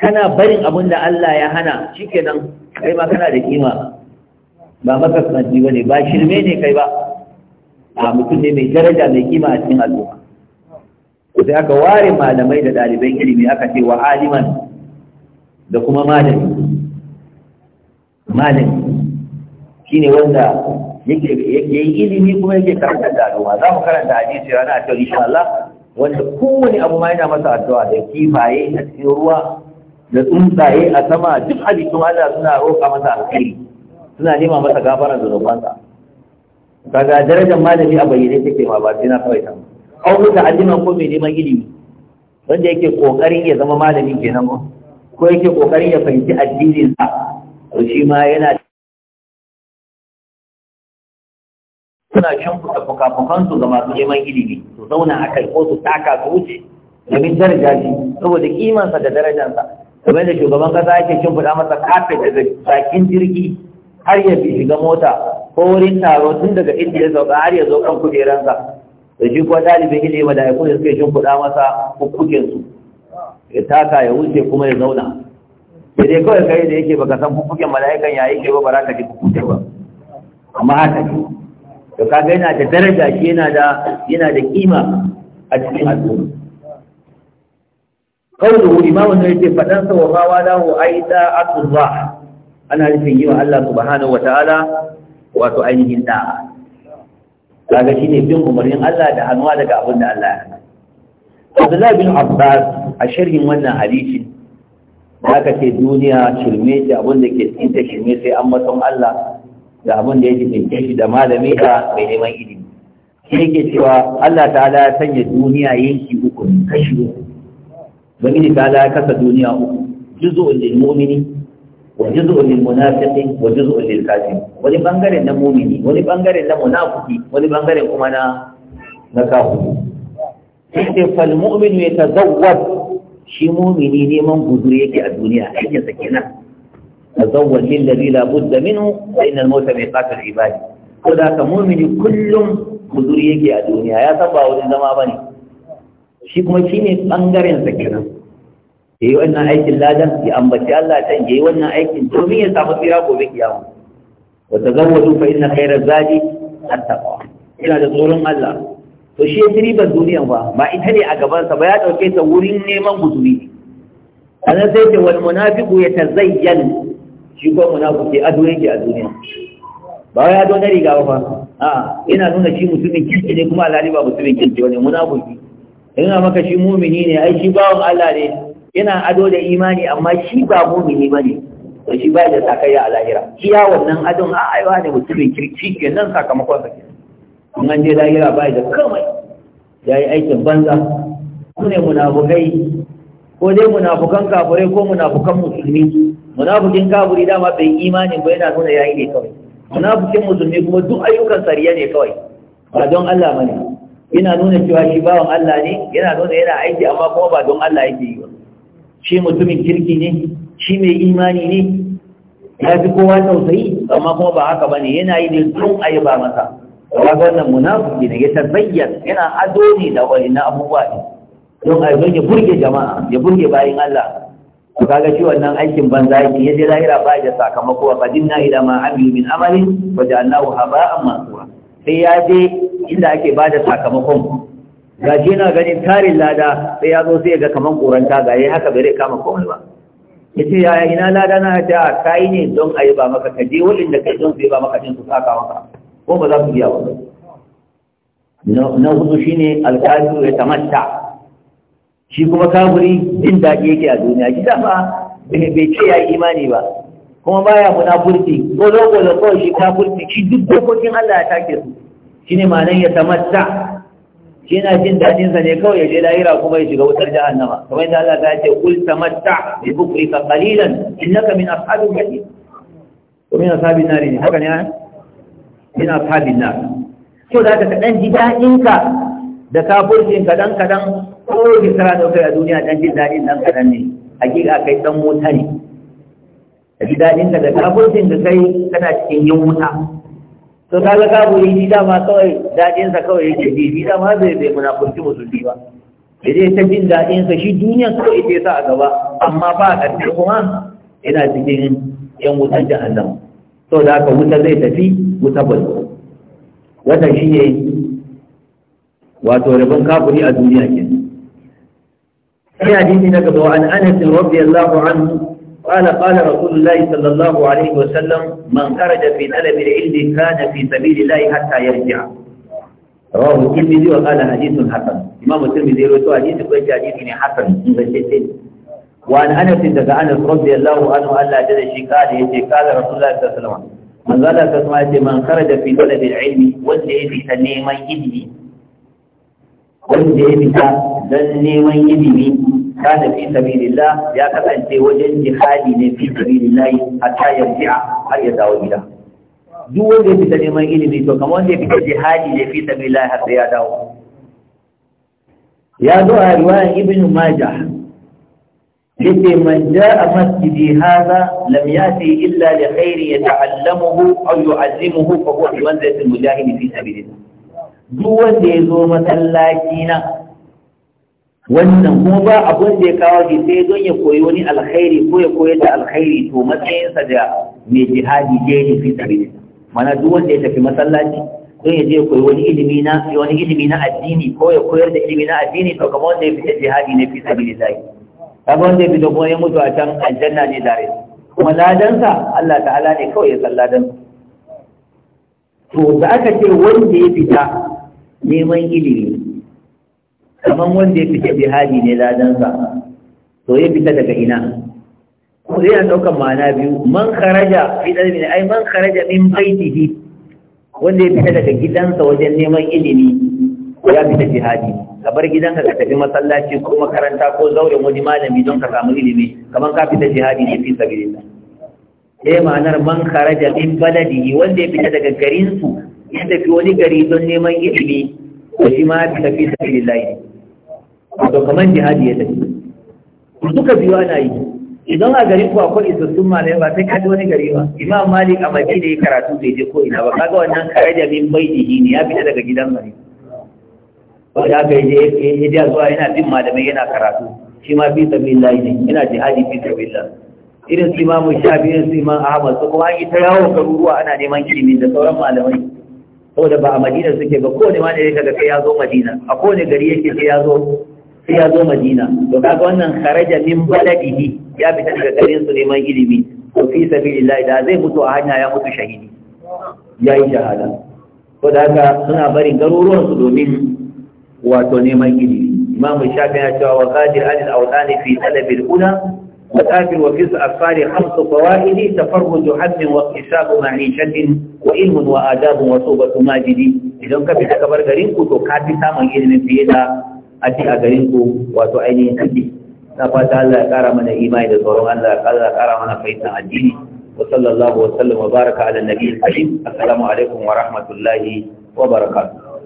Speaker 1: kana barin abin da Allah ya hana shikenan kai ma kana da kima ba makasanci ba ne ba shirme ne kai ba a mutum ne mai daraja mai kima a cikin al'umma sai aka ware malamai da ɗaliban ilimi aka ce wa aliman da kuma malami malami shine wanda yake yi ilimi kuma yake karanta da al'umma za mu karanta hadisi rana a cewa insha Allah wanda kowane abu ma yana masa addu'a da kifaye a cikin ruwa da tsuntsaye a sama duk halittun Allah suna roƙa masa alkhairi suna nema masa gafaran zunubansa kaga darajar malami a bayyane take ma ba sai na kawai ta au muta addinin ko mai neman ilimi wanda yake kokarin ya zama malami kenan ko ko yake kokarin ya fahimci addinin sa to shi ma yana suna shimfuka fuka-fukansu ga masu neman ilimi su zauna a kai ko su taka su wuce domin daraja shi saboda kimansa da darajarsa, kamar da shugaban kasa yake shimfiɗa masa kafin da bakin jirgi har ya fi shiga mota ko wurin taro tun daga inda ya sauka har ya zo kan kujeransa da shi kuwa dalibin ilimi ma da suke kuɗa masa hukukinsu ya taka ya wuce kuma ya zauna sai dai kawai kai da yake baka san hukukin mala'ikan ya yake ba ba za ka ji hukukin ba amma haka ne to kaga yana da daraja shi yana da yana da kima a cikin al'umma kawai da wuri ma wanda yake faɗansa wa rawa lahu aida ba. ana nufin yi wa Allah subhanahu wataala wato ainihin da'a shi ne bin umarnin Allah da hannuwa daga abin da Allah ya hana Abdullah bin Abbas a shirin wannan hadisi da aka ce duniya shirme ce abin da ke tsinta shirme sai an matan Allah da abin da ya ji jibince shi da malami da mai neman ilimi shi yake cewa Allah ta'ala ya sanya duniya yanki uku kashi uku Ubangiji ta'ala ya kasa duniya uku juzu'un lil mu'mini wa juz'un lil munafiqin wa juz'un lil kafir wani bangare na mumini wani bangare na munafiki wani bangare kuma na na kafiri sai fal mu'minu yatazawwad shi mumini neman guzuri yake a duniya aikin sa kenan tazawwad lil ladhi la budda minhu fa innal mawta miqatul ibadi ko da ka mumini kullum guzuri yake a duniya ya san ba wani zama bane shi kuma shine bangaren sa kenan ya yi wannan aikin ladan ya ambaci Allah ta ya yi wannan aikin domin ya samu tsira gobe kiyama wa tazawwadu fa inna khayra zadi at-taqwa ina da tsoron Allah to shi ribar duniyan ba ba ita ne a gabansa ba ya dauke ta wurin neman guzuri sannan sai ce wal munafiqu yatazayyan shi ko munafiki ado yake a duniya ba ya ado na riga ba a ina nuna shi mutumin kirki ne kuma alhali ba mutumin kirki wani munafiki ina maka shi mumini ne ai shi bawon Allah ne yana ado da imani amma shi ba mumini bane to shi ba da sakayya a lahira ya wannan adon a ah, aiwa ne mutumin kirki kenan sakamakon sa kenan an je lahira ba da kamai ya yi aikin banza su ne munafukai ko dai munafukan kafirai ko munafukan musulmi munafukin kafiri dama bai imanin ba yana nuna yayi ne kawai munafukin musulmi kuma duk ayyukan sariya ne kawai ba don Allah bane yana nuna cewa shi bawan Allah ne yana nuna yana aiki amma kuma ba don Allah yake yi ba shi mutumin kirki ne shi mai imani ne ya fi kowa tausayi amma kuma ba haka bane yana yi ne tun a yi ba masa kaga wannan munafiki ne ya tabayyana yana ado ne da wani na abubuwa ne don a ya burge jama'a ya burge bayan Allah to kaga shi wannan aikin banza yake ya je lahira ba da sakamako wa qadinna ila ma amilu min amalin wa ja'alnahu haba'an mansura sai ya je inda ake ba da sakamakon shi yana ganin tarin lada sai ya zo sai ga kaman koranta ga yayi haka bai kama komai ba yace ya ina lada na da ah, kai ne don ayi ba maka kaje wurin da kai don sai ba maka din su saka maka ko ba za su biya ba na hudu shine alkafiru ya tamatta shi kuma kafiri jin daɗi yake a duniya shi da fa bai ce ya imani ba kuma baya munafurci ko zo ko zo shi kafirci shi duk dokokin Allah ya take su shine ma'anar ya tamatta shi jin daɗin sa ne kawai ya je lahira kuma ya shiga wutar jahannama kamar yadda Allah ta ce kul tamatta bi bukrika qalilan innaka min ashabil jahim ko min ashabin nar ne haka ne min ashabin nar so da ka dan ji daɗin ka da kafircin ka dan kadan ko hisra da kai a duniya dan jin daɗin dan kadan ne hakika kai dan mota ne da ji daɗin ka da kafircin ka kai kana cikin yin wuta to kaga kafiri ni dama kawai daɗinsa sa kawai yake ji ni dama zai muna munafurci musulmi ba idan ta jin daɗinsa sa shi duniya kawai ita sa a gaba amma ba a ƙarfi kuma yana cikin yan wutan jahannam to da haka wuta zai tafi wuta wata shi shine wato rabon kafuri a duniya kenan na gaba wa an انس rabbi الله عنه قال قال رسول الله صلى الله عليه وسلم من خرج في طلب العلم كان في سبيل الله حتى يرجع رواه الترمذي وقال حديث حسن امام الترمذي رواه حديث كويس حديث حسن وعن انس دغ انس رضي الله عنه الا جل شي قال يتي قال رسول الله صلى الله عليه وسلم من قال كما يتي من خرج في طلب العلم وجه في تنيمه علمي وجه في تنيمه علمي kana fi sabilillah ya kasance wajen jihadi ne fi sabilillah hatta yarji'a har ya dawo gida duk wanda ya fita neman ilimi to kamar wanda ya fita jihadi ne fi sabilillah har sai ya dawo ya zo a riwayar ibnu majah yace man ja'a masjidi hadha lam yati illa li khairi yata'allamuhu aw yu'allimuhu fa huwa bi manzilati mujahid fi sabilillah duk wanda ya zo masallaci na wannan kuma ba abin da ya kawo shi sai don ya koyi wani alkhairi ko ya koyar da alkhairi to matsayinsa da mai jihadi je fi sabili mana duk wanda ya tafi masallaci don ya je ya koyi wani ilimi na wani ilimi na addini ko ya koyar da ilimi na addini to kamar wanda ya fita jihadi ne fi ne sai kamar wanda ya fita kuma ya mutu a can aljanna ne dare kuma ladansa Allah ta'ala ne kawai ya san ladan to da aka ce wanda ya fita neman ilimi kamar wanda ya fita jihadi ne ladansa to ya fita daga ina ko yana ɗaukar ma'ana biyu man kharaja fi dalilin ai man kharaja min baitihi wanda ya fita daga gidansa wajen neman ilimi ya fita jihadi ka bar gidanka ka tafi masallaci ko makaranta ko zauren wani malami don ka samu ilimi kamar ka fita jihadi ne fi sabilillah sai ma'anar man kharaja min baladihi wanda ya fita daga garin su ya tafi wani gari don neman ilimi ko shi ma ya fita fi sabilillahi wato kamar jihadi ya tafi duka biyu ana yi idan a garin ku akwai isassun malamai ba sai kaji wani gari ba imam malik a madina ya karatu bai je ko ina ba kaga wannan kare da min bai jihi ne ya fita daga gidan gari ba ya kai je ya ji zuwa yana bin malamai yana karatu shi ma fi layi ne yana jihadi fi layi irin su imam shafi irin su imam ahmad su kuma an yi ta yawon garuruwa ana neman ilimin da sauran malamai saboda ba a madina suke ba kowane ma ne ya kaga kai ya zo madina a kowane gari yake sai ya zo sai ya zo madina to kaga wannan kharaja min baladihi ya fita daga garin su neman ilimi to fi sabilillahi da zai mutu a hanya ya mutu shahidi ya yi shahada to suna barin garuruwansu domin wato neman ilimi imam shafi ya cewa wa qadir anil awdani fi talabil ula wa qadir wa fi asfari khams fawaid tafarruj hadd wa wa ilm wa adab wa tubat idan ka fita ka bar garin ku to ka fi samun ilimi fiye da aji a garin ku wato ainihin aji na fata Allah ya kara mana imani da tsoron Allah ya kara mana fahimtar addini wa sallallahu wa sallam wa baraka ala nabi karim assalamu alaikum wa rahmatullahi wa barakatuh